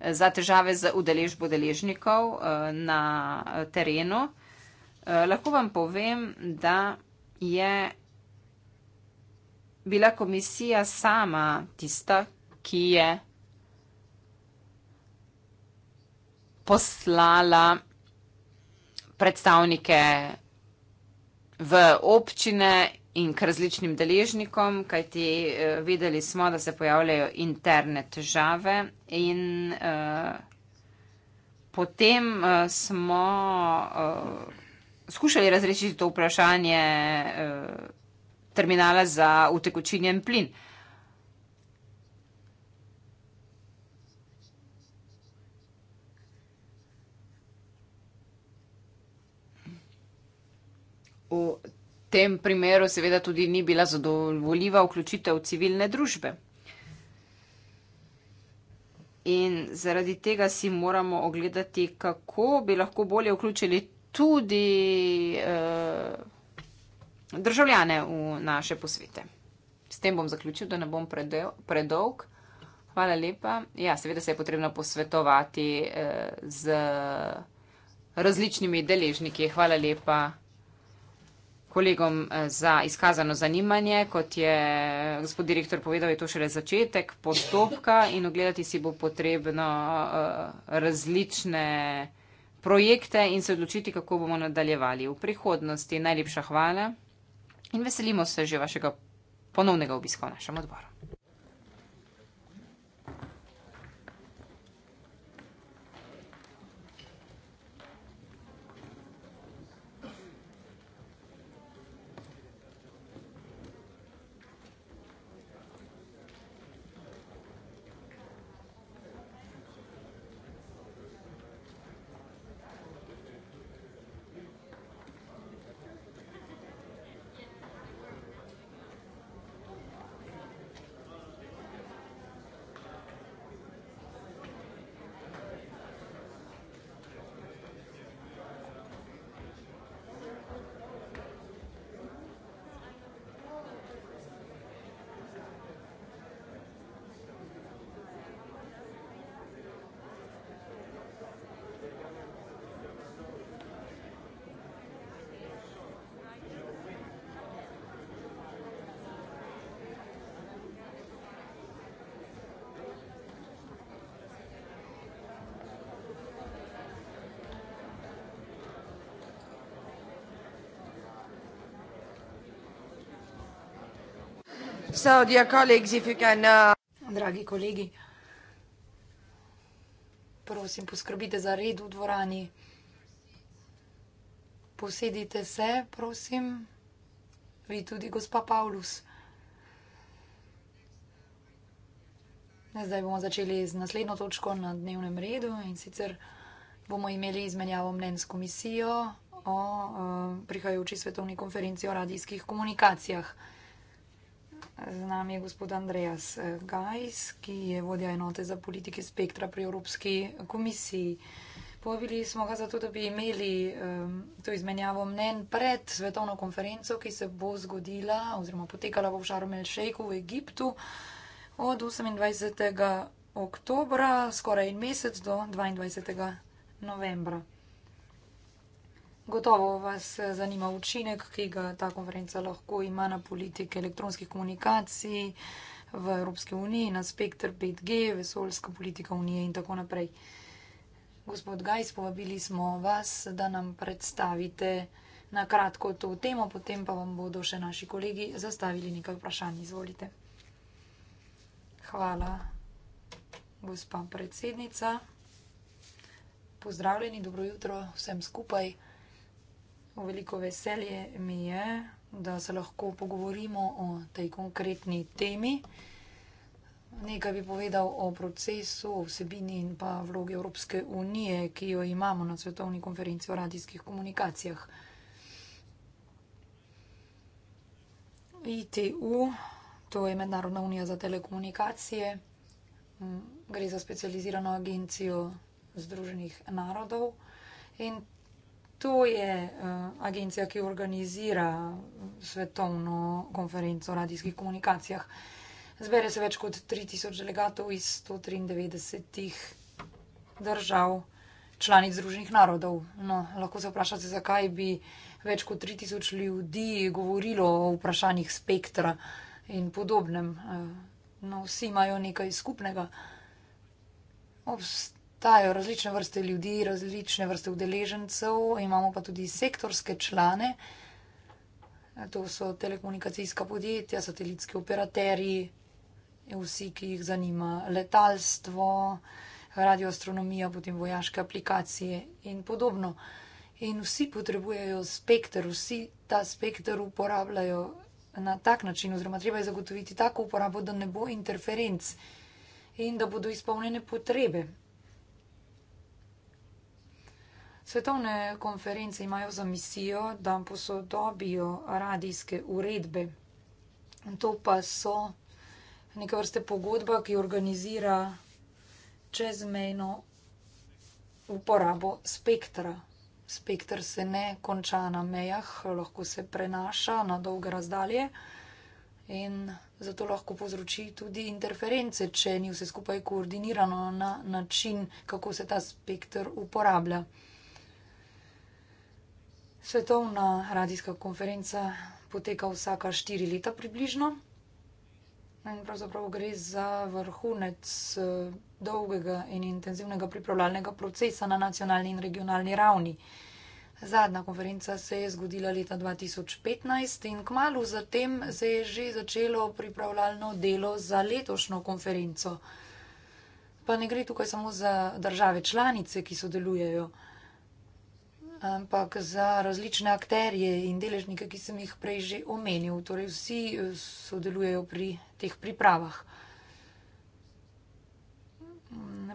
za težave z udeležbo deležnikov eh, na eh, terenu. Eh, lahko vam povem, da je bila komisija sama tista, ki je poslala predstavnike v občine in k različnim deležnikom, kajti eh, videli smo, da se pojavljajo interne težave in eh, potem eh, smo skušali razrešiti to vprašanje terminala za utekočinjen plin. V tem primeru seveda tudi ni bila zadovoljiva vključitev civilne družbe. In zaradi tega si moramo ogledati, kako bi lahko bolje vključili tudi eh, državljane v naše posvete. S tem bom zaključil, da ne bom predolg. Hvala lepa. Ja, seveda se je potrebno posvetovati eh, z različnimi deležniki. Hvala lepa kolegom eh, za izkazano zanimanje. Kot je eh, gospod direktor povedal, je to šele začetek postopka in ogledati si bo potrebno eh, različne projekte in se odločiti, kako bomo nadaljevali v prihodnosti. Najlepša hvala in veselimo se že vašega ponovnega obiska v našem odboru. So, dear colleagues, if you can. Uh... Dragi kolegi, prosim, poskrbite za red v dvorani. Posedite se, prosim, vi tudi, gospa Pavlus. Zdaj bomo začeli z naslednjo točko na dnevnem redu in sicer bomo imeli izmenjavo mnen s komisijo o uh, prihajajoči svetovni konferenci o radijskih komunikacijah. Z nami je gospod Andreas eh, Gajs, ki je vodja enote za politike spektra pri Evropski komisiji. Povabili smo ga zato, da bi imeli um, to izmenjavo mnen pred svetovno konferenco, ki se bo zgodila oziroma potekala bo v Šarmel Šejku v Egiptu od 28. oktobra, skoraj en mesec do 22. novembra. Gotovo vas eh, zanima učinek, ki ga ta konferenca lahko ima na politike elektronskih komunikacij v Evropski uniji, na spektr 5G, vesoljska politika unije in tako naprej. Gospod Gajs, povabili smo vas, da nam predstavite na kratko to temo, potem pa vam bodo še naši kolegi zastavili nekaj vprašanj. Izvolite. Hvala, gospa predsednica. Pozdravljeni, dobro jutro vsem skupaj. Veliko veselje mi je, da se lahko pogovorimo o tej konkretni temi. Nekaj bi povedal o procesu, vsebini in pa vlogi Evropske unije, ki jo imamo na svetovni konferenci o radijskih komunikacijah. ITU, to je Mednarodna unija za telekomunikacije, mm, gre za specializirano agencijo Združenih narodov. In To je uh, agencija, ki organizira svetovno konferenco o radijskih komunikacijah. Zbere se več kot 3000 delegatov iz 193 držav, članic Združenih narodov. No, lahko se vprašate, zakaj bi več kot 3000 ljudi govorilo o vprašanjih spektra in podobnem. Uh, no, vsi imajo nekaj skupnega. Obst obstajajo različne vrste ljudi, različne vrste udeležencev, imamo pa tudi sektorske člane. To so telekomunikacijska podjetja, satelitski operaterji, vsi, ki jih zanima letalstvo, radioastronomija, potem vojaške aplikacije in podobno. In vsi potrebujejo spekter, vsi ta spekter uporabljajo na tak način, oziroma treba je zagotoviti tako uporabo, da ne bo interferenc in da bodo izpolnjene potrebe. Svetovne konference imajo za misijo, da posodobijo radijske uredbe. To pa so neke vrste pogodba, ki organizira čezmejno uporabo spektra. Spektr se ne konča na mejah, lahko se prenaša na dolge razdalje in zato lahko povzroči tudi interference, če ni vse skupaj koordinirano na način, kako se ta spektr uporablja. Svetovna radijska konferenca poteka vsaka štiri leta približno. In pravzaprav gre za vrhunec eh, dolgega in intenzivnega pripravljalnega procesa na nacionalni in regionalni ravni. Zadnja konferenca se je zgodila leta 2015 in kmalo zatem se je že začelo pripravljalno delo za letošnjo konferenco. Pa ne gre tukaj samo za države članice, ki sodelujejo ampak za različne akterje in deležnike, ki sem jih prej že omenil. Torej, vsi eh, sodelujejo pri teh pripravah.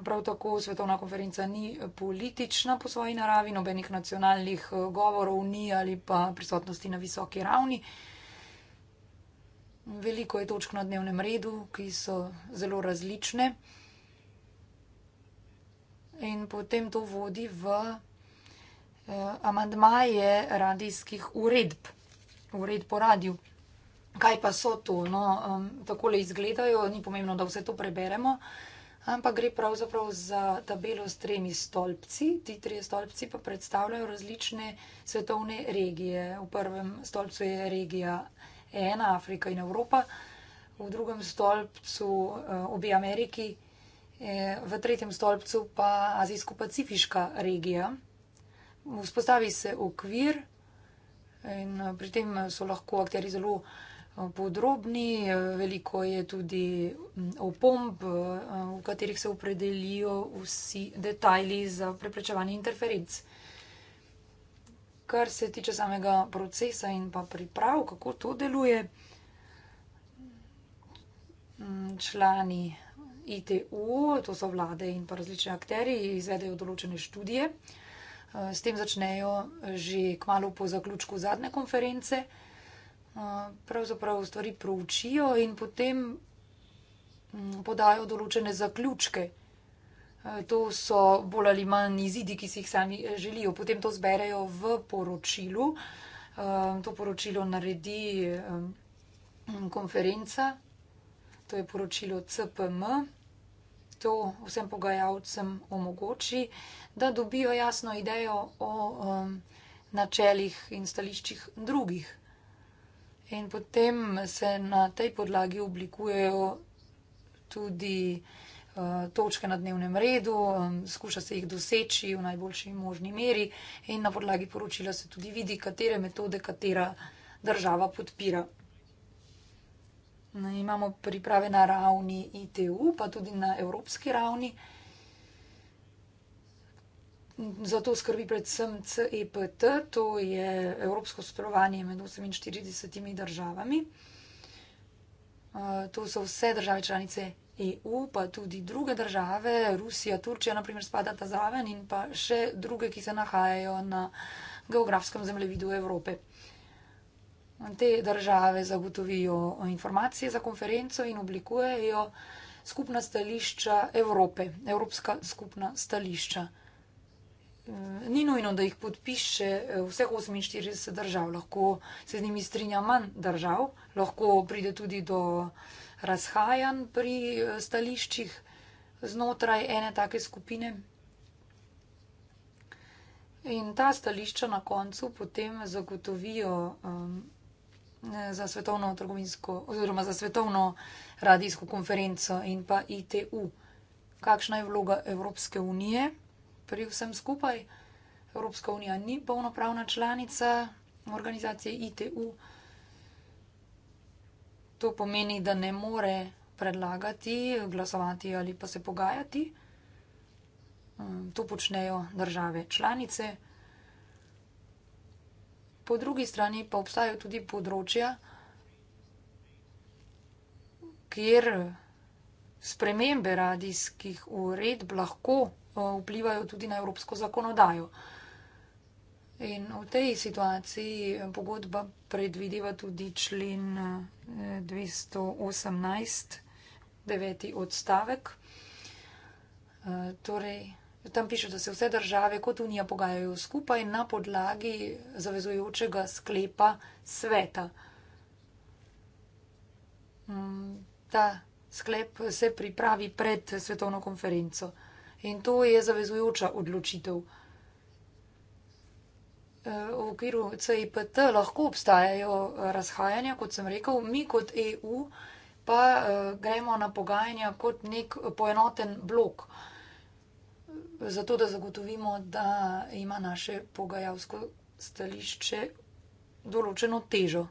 Prav tako svetovna konferenca ni politična po svoji naravi, nobenih nacionalnih eh, govorov ni ali pa prisotnosti na visoki ravni. Veliko je točk na dnevnem redu, ki so zelo različne. In potem to vodi v Eh, amandmaje radijskih uredb, uredb po radiju. Kaj pa so to? No, um, Tako le izgledajo, ni pomembno, da vse to preberemo, ampak gre pravzaprav za tabelo s tremi stolpci. Ti tri stolpci pa predstavljajo različne svetovne regije. V prvem stolpcu je regija ena, Afrika in Evropa, v drugem stolpcu uh, obe Ameriki, eh, v tretjem stolpcu pa Azijsko-Pacifiška regija vzpostavi se okvir in eh, pri tem eh, so lahko akteri zelo eh, podrobni, veliko je tudi mm, opomb, v katerih se opredelijo vsi detajli za preprečevanje interferenc. Kar se tiče samega procesa in pa priprav, kako to deluje, mm, člani ITU, to so vlade in pa različni akteri, izvedejo določene študije. Eh, s tem začnejo že kmalo po zaključku zadnje konference. Eh, pravzaprav stvari proučijo in potem mm, podajo določene zaključke. Eh, to so bolj ali manj izidi, ki si jih sami želijo. Potem to zberejo v poročilu. To poročilo naredi konferenca, to je poročilo CPM to vsem pogajalcem omogoči, da dobijo jasno idejo o um, načelih in stališčih drugih. In potem se na tej podlagi oblikujejo tudi uh, točke na dnevnem redu, um, skuša se jih doseči v najboljši možni meri in na podlagi poročila se tudi vidi, katere metode katera država podpira. Imamo priprave na ravni ITU, pa tudi na evropski ravni. Zato skrbi predvsem CEPT, to je Evropsko sodelovanje med 48 državami. Eh, to so vse države članice EU, pa tudi druge države, Rusija, Turčija, naprimer, spadata zraven in pa še druge, ki se nahajajo na geografskem zemljevidu Evrope te države zagotovijo informacije za konferenco in oblikujejo skupna stališča Evrope, evropska skupna stališča. Ni nujno, da jih podpiše eh, vseh 48 držav, lahko se z njimi strinja manj držav, lahko pride tudi do razhajanj pri eh, stališčih znotraj ene take skupine. In ta stališča na koncu potem zagotovijo um, Eh, za svetovno trgovinsko oziroma za svetovno radijsko konferenco in pa ITU. Kakšna je vloga Evropske unije pri vsem skupaj? Evropska unija ni polnopravna članica organizacije ITU. To pomeni, da ne more predlagati, glasovati ali pa se pogajati. Mm, to počnejo države članice. Po drugi strani pa obstajajo tudi področja, kjer spremembe radijskih uredb lahko eh, vplivajo tudi na evropsko zakonodajo. In v tej situaciji eh, pogodba predvideva tudi člen 218, eh, deveti odstavek. Torej, Tam piše, da se vse države kot Unija pogajajo skupaj na podlagi zavezujočega sklepa sveta. Mm, ta sklep se pripravi pred svetovno konferenco in to je zavezujoča odločitev. E, v okviru CIPT lahko obstajajo razhajanja, kot sem rekel, mi kot EU pa e, gremo na pogajanja kot nek poenoten blok zato da zagotovimo, da ima naše pogajalsko stališče določeno težo.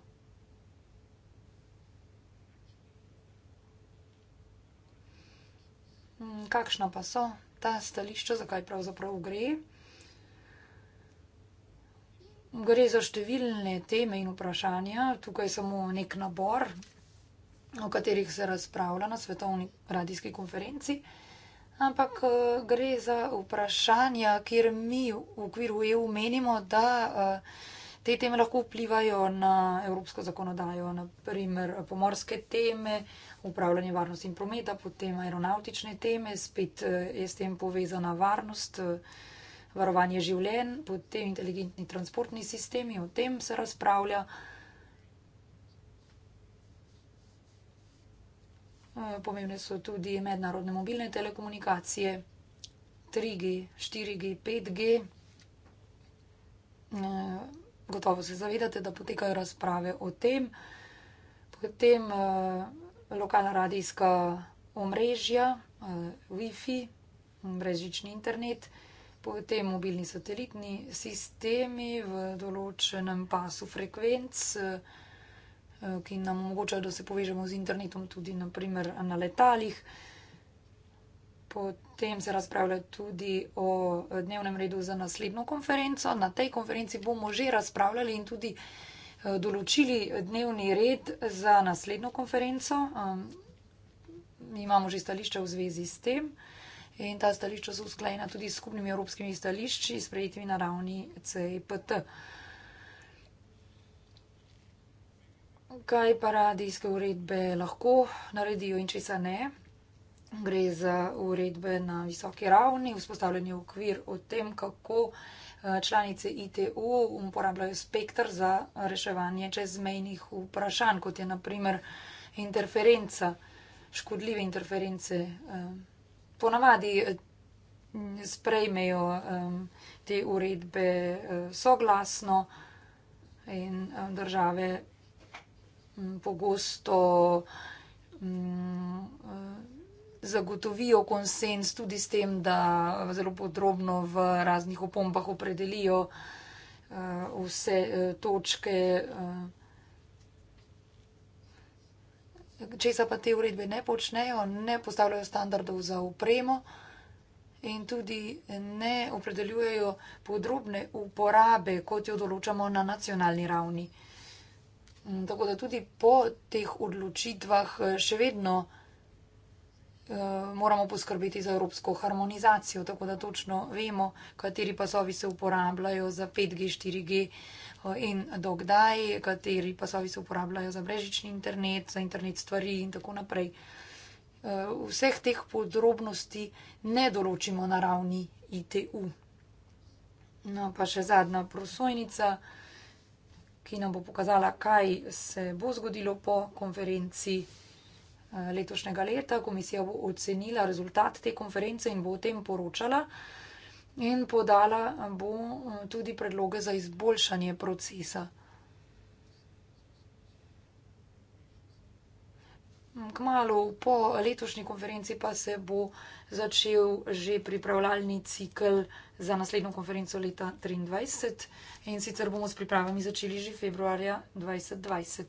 Hmm, kakšna pa so ta stališča, zakaj pravzaprav gre? Gre za številne teme in vprašanja, tukaj samo nek nabor, o katerih se razpravlja na svetovni radijski konferenci ampak eh, gre za vprašanja, kjer mi v okviru EU menimo, da eh, te teme lahko vplivajo na evropsko zakonodajo, naprimer pomorske teme, upravljanje varnosti in prometa, potem aeronautične teme, spet eh, je s tem povezana varnost, varovanje življenj, potem inteligentni transportni sistemi, o tem se razpravlja. Pomembne so tudi mednarodne mobilne telekomunikacije, 3G, 4G, 5G. Gotovo se zavedate, da potekajo razprave o tem. Potem eh, lokalna radijska omrežja, eh, Wi-Fi, brezžični internet, potem mobilni satelitni sistemi v določenem pasu frekvenc. Eh, Eh, ki nam omogočajo, da se povežemo z internetom, tudi naprimer, na letalih. Potem se razpravlja tudi o dnevnem redu za naslednjo konferenco. Na tej konferenci bomo že razpravljali in tudi eh, določili dnevni red za naslednjo konferenco. Eh, mi imamo že stališča v zvezi s tem in ta stališča so usklajena tudi s skupnimi evropskimi stališči, sprejetimi na ravni CEPT. kaj pa radijske uredbe lahko naredijo in česa ne. Gre za uredbe na visoki ravni, vzpostavljanje okvir o tem, kako eh, članice ITU uporabljajo spektr za reševanje čezmejnih vprašanj, kot je naprimer interferenca, škodljive interference. Eh, ponavadi eh, sprejmejo te uredbe soglasno in države Mm, pogosto mm, eh, zagotovijo konsens tudi s tem, da zelo podrobno v raznih opombah opredelijo eh, vse eh, točke, česa pa te uredbe ne počnejo, ne postavljajo standardov za upremo in tudi ne opredeljujejo podrobne uporabe, kot jo določamo na nacionalni ravni. Mm, tako da tudi po teh odločitvah eh, še vedno eh, moramo poskrbeti za evropsko harmonizacijo, tako da točno vemo, kateri pasovi se uporabljajo za 5G, 4G eh, in dokdaj, kateri pasovi se uporabljajo za brežični internet, za internet stvari in tako naprej. Vseh teh podrobnosti ne določimo na ravni ITU. No, pa še zadnja prosojnica ki nam bo pokazala, kaj se bo zgodilo po konferenci eh, letošnjega leta. Komisija bo ocenila rezultat te konference in bo o tem poročala in podala bo eh, tudi predloge za izboljšanje procesa. Kmalo po letošnji konferenci pa se bo začel že pripravljalni cikl za naslednjo konferenco leta 2023 in sicer bomo s pripravami začeli že februarja 2020.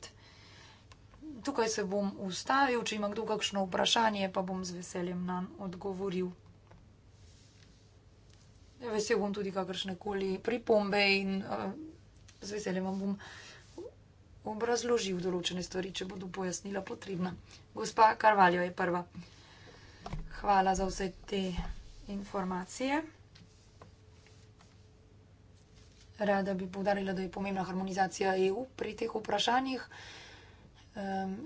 Tukaj se bom ustavil, če ima kdo kakšno vprašanje, pa bom z veseljem nam odgovoril. Vesel bom tudi kakršne koli pripombe in uh, z veseljem vam bom odgovoril obrazložil določene stvari, če bodo pojasnila potrebna. Gospa Karvaljo je prva. Hvala za vse te informacije. Rada bi povdarila, da je pomembna harmonizacija EU pri teh vprašanjih. Um,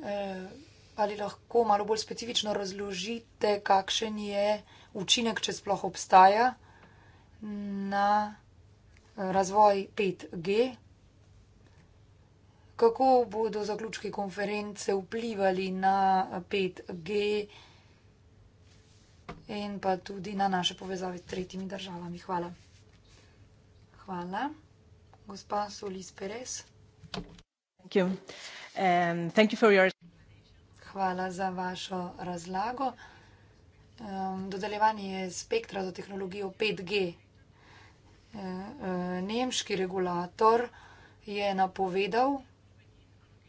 ali lahko malo bolj specifično razložite, kakšen je učinek, če sploh obstaja, na razvoj 5G, kako bodo zaključki konference vplivali na 5G in pa tudi na naše povezave s tretjimi državami. Hvala. Hvala. Gospa Solis Perez. Thank you. Um, thank you for your... Hvala za vašo razlago. Um, dodeljevanje spektra za tehnologijo 5G. E, e, nemški regulator je napovedal,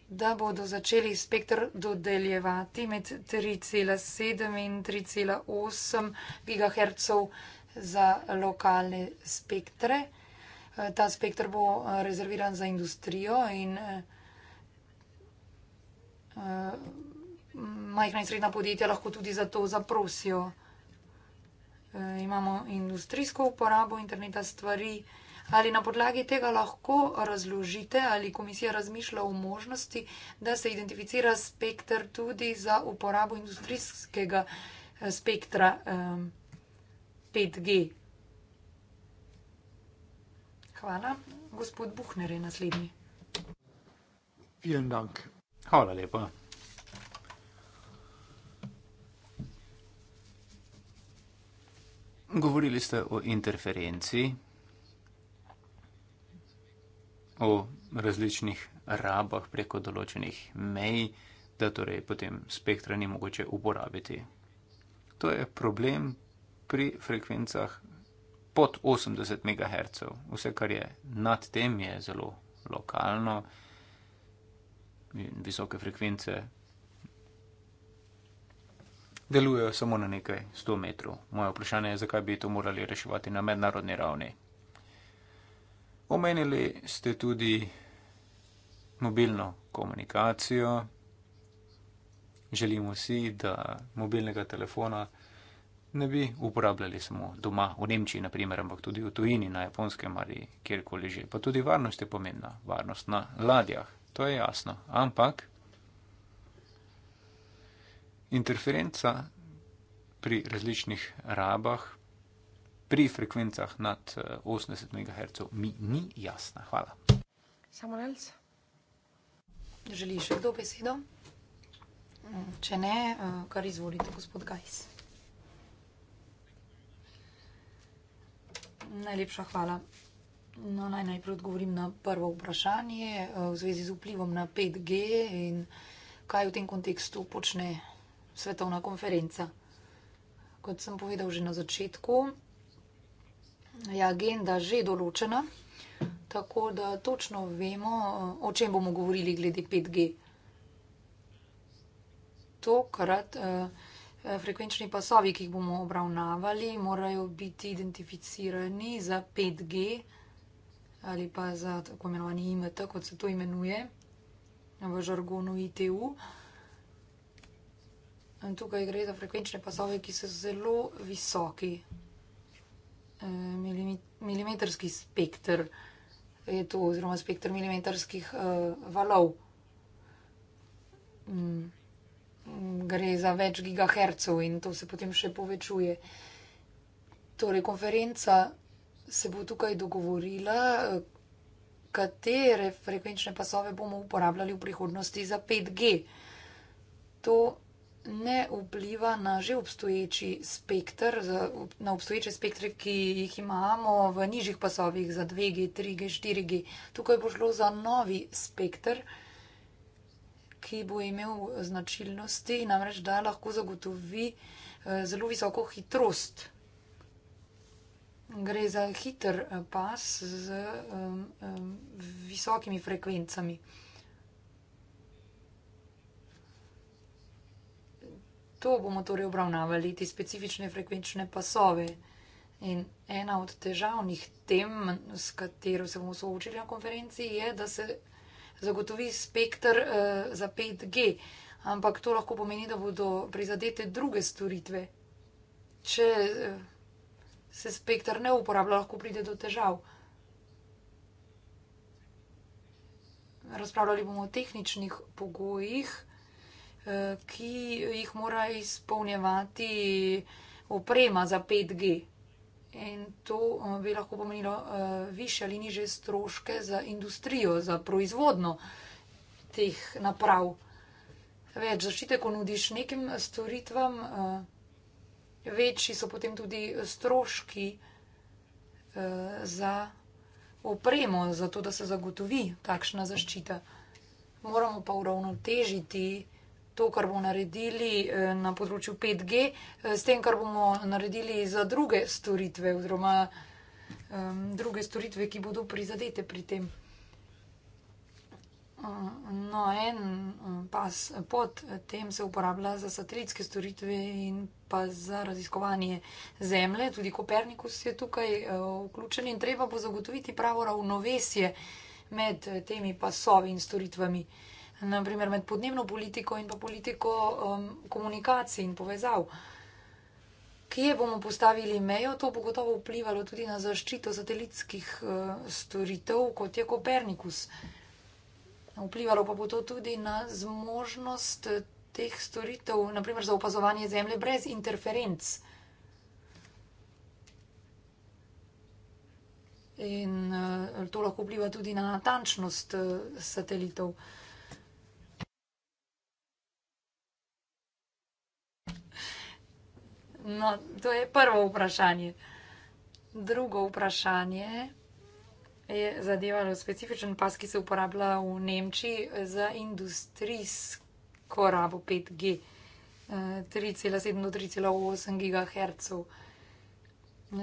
da bodo začeli spektr dodeljevati med 3,7 in 3,8 GHz za lokalne spektre. Eh, ta spektr bo eh, rezerviran za industrijo in eh, majhna in srednja podjetja lahko tudi za to zaprosijo. Imamo industrijsko uporabo interneta stvari. Ali na podlagi tega lahko razložite, ali komisija razmišlja o možnosti, da se identificira spektr tudi za uporabo industrijskega eh, spektra um, 5G? Hvala. Gospod Buhner je naslednji. Hvala lepa. Govorili ste o interferenci o različnih rabah preko določenih mej, da torej potem spektra ni mogoče uporabiti. To je problem pri frekvencah pod 80 MHz. Vse, kar je nad tem, je zelo lokalno. Visoke frekvence delujejo samo na nekaj 100 metrov. Moje vprašanje je, zakaj bi to morali reševati na mednarodni ravni. Omenili ste tudi mobilno komunikacijo. Želimo si, da mobilnega telefona ne bi uporabljali samo doma, v Nemčiji, naprimer, ampak tudi v tujini, na japonskem ali kjerkoli že. Pa tudi varnost je pomembna, varnost na ladjah, to je jasno. Ampak interferenca pri različnih rabah pri frekvencah nad 80 eh, MHz mi ni jasna. Hvala. Samonels, želiš še kdo besedo? Mm, če ne, eh, kar izvolite, gospod Gajs. Najlepša hvala. No, naj najprej odgovorim na prvo vprašanje eh, v zvezi z vplivom na 5G in kaj v tem kontekstu počne svetovna konferenca. Kot sem povedal že na začetku, je agenda že določena, tako da točno vemo, o čem bomo govorili glede 5G. Tokrat eh, eh, frekvenčni pasovi, ki jih bomo obravnavali, morajo biti identificirani za 5G ali pa za tako imenovani IMT, kot se to imenuje v žargonu ITU. In tukaj gre za frekvenčne pasove, ki so zelo visoki. Eh, milimetrski spektr, je to, oziroma spektr milimetrskih uh, valov. Mm, mm. Gre za več gigahercev in to se potem še povečuje. Torej, konferenca se bo tukaj dogovorila, eh, katere frekvenčne pasove bomo uporabljali v prihodnosti za 5G. To ne vpliva na že obstoječi spektr, na obstoječe spektre, ki jih imamo v nižjih pasovih za 2G, 3G, 4G. Tukaj bo šlo za novi spektr, ki bo imel značilnosti, namreč da lahko zagotovi eh, zelo visoko hitrost. Gre za hiter eh, pas z um, um, visokimi frekvencami. To bomo torej obravnavali, ti specifične frekvenčne pasove. In ena od težavnih tem, s katero se bomo soočili na konferenci, je, da se zagotovi spektr uh, za 5G, ampak to lahko pomeni, da bodo prizadete druge storitve. Če uh, se spektr ne uporablja, lahko pride do težav. Razpravljali bomo o tehničnih pogojih ki jih mora izpolnjevati oprema za 5G. In to eh, bi lahko pomenilo eh, više ali niže stroške za industrijo, za proizvodno teh naprav. Več zaščite, ko nudiš nekim storitvam, eh, večji so potem tudi stroški za opremo, za to, da se zagotovi takšna zaščita. Moramo pa uravnotežiti to, kar bomo naredili eh, na področju 5G, eh, s tem, kar bomo naredili za druge storitve oziroma um, druge storitve, ki bodo prizadete pri tem. Eh, no, en pas pod tem se uporablja za satelitske storitve in pa za raziskovanje zemlje. Tudi Kopernikus je tukaj vključen in treba bo zagotoviti pravo ravnovesje med temi pasovi in storitvami naprimer med podnebno politiko in pa politiko um, komunikacij in povezav. Kje bomo postavili mejo, to bo gotovo vplivalo tudi na zaščito satelitskih uh, storitev, kot je Kopernikus. Vplivalo pa bo to tudi na zmožnost eh, teh storitev, naprimer za opazovanje zemlje brez interferenc. In uh, to lahko vpliva tudi na natančnost uh, eh, satelitev. No, to je prvo vprašanje. Drugo vprašanje je zadevalo specifičen pas, ki se uporablja v Nemčiji za industrijsko rabo 5G, 3,7 eh, do 3,8 GHz.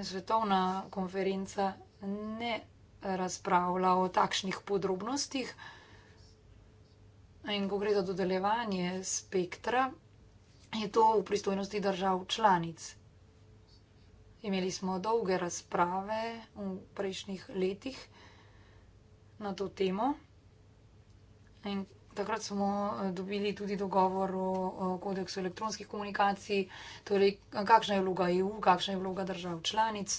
Svetovna konferenca ne razpravlja o takšnih podrobnostih. In ko gre za dodeljevanje spektra, je to v pristojnosti držav članic. Imeli smo dolge razprave v prejšnjih letih na to temo in takrat smo eh, dobili tudi dogovor o kodeksu elektronskih komunikacij, torej eh, kakšna je vloga EU, kakšna je vloga držav članic.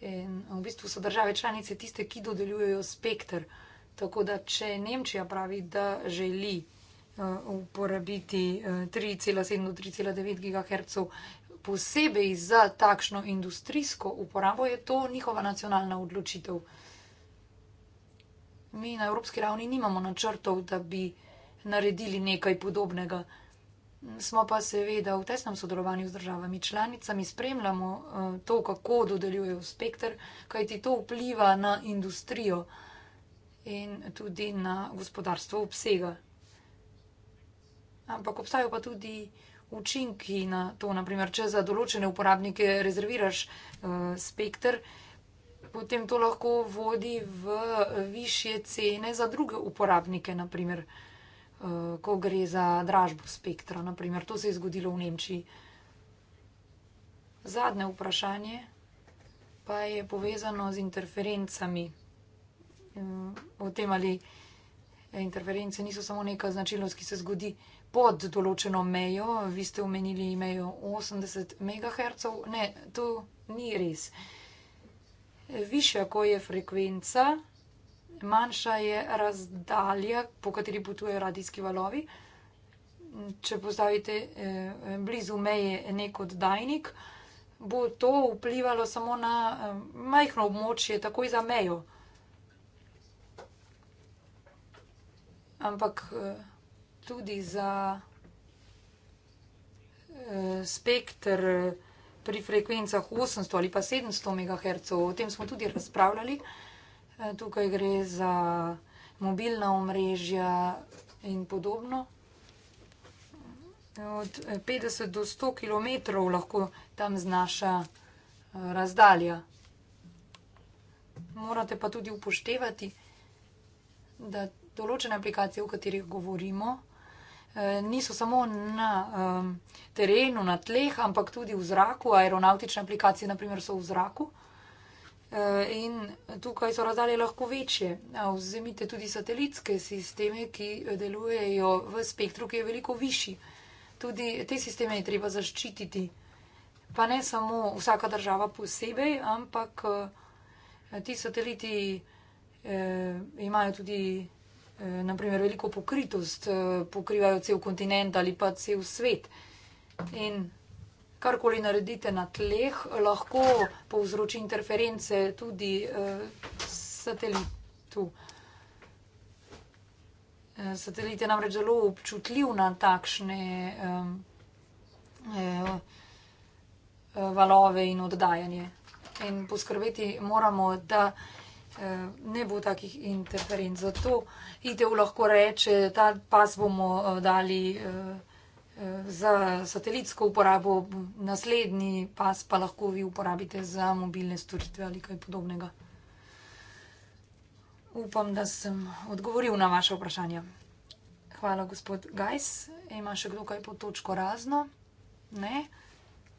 In eh, v bistvu so države članice tiste, ki dodeljujejo spektr. Tako da, če Nemčija pravi, da želi Eh, uporabiti 3,7 eh, do 3,9 GHz. Posebej za takšno industrijsko uporabo je to njihova nacionalna odločitev. Mi na evropski ravni nimamo načrtov, da bi naredili nekaj podobnega. Smo pa seveda v tesnem sodelovanju z državami članicami, spremljamo eh, to, kako dodeljujejo spektr, kajti to vpliva na industrijo in tudi na gospodarstvo obsega ampak obstajajo pa tudi učinki na to. Naprimer, če za določene uporabnike rezerviraš uh, eh, spektr, potem to lahko vodi v eh, višje cene za druge uporabnike, naprimer, uh, eh, ko gre za dražbo spektra. Naprimer, to se je zgodilo v Nemčiji. Zadnje vprašanje pa je povezano z interferencami. O tem, ali interference niso samo neka značilnost, ki se zgodi pod določeno mejo, vi ste omenili mejo 80 MHz, ne, to ni res. Višja, ko je frekvenca, manjša je razdalja, po kateri potujejo radijski valovi. Če postavite eh, blizu meje nek oddajnik, bo to vplivalo samo na eh, majhno območje, takoj za mejo. Ampak eh, tudi za e, spektr pri frekvencah 800 ali pa 700 MHz. O tem smo tudi razpravljali. E, tukaj gre za mobilna omrežja in podobno. Od 50 eh, do 100 km lahko tam znaša razdalja. Morate pa tudi upoštevati, da določene aplikacije, o katerih govorimo, Eh, niso samo na um, terenu, na tleh, ampak tudi v zraku. Aeronautične aplikacije, naprimer, so v zraku. Eh, in tukaj so razdalje lahko večje. Vzemite tudi satelitske sisteme, ki delujejo v spektru, ki je veliko višji. Tudi te sisteme je treba zaščititi. Pa ne samo vsaka država posebej, ampak eh, ti sateliti eh, imajo tudi Eh, naprimer, veliko pokritost, eh, pokrivajo cel kontinent ali pa cel svet. In karkoli naredite na tleh, lahko povzroči interference tudi eh, satelitu. Satelit je namreč zelo občutljiv na takšne valove in oddajanje. In poskrbeti moramo, da. Eh, ne bo takih interferenc. Zato ITU lahko reče, ta pas bomo eh, dali eh, za satelitsko uporabo, naslednji pas pa lahko vi uporabite za mobilne storitve ali kaj podobnega. Upam, da sem odgovoril na vaše vprašanje. Hvala, gospod Gajs. Ima še kdo kaj pod točko razno? Ne.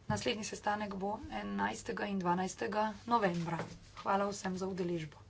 Naslednji sestanek bo 11. in 12. novembra. Hvala vsem za udeležbo.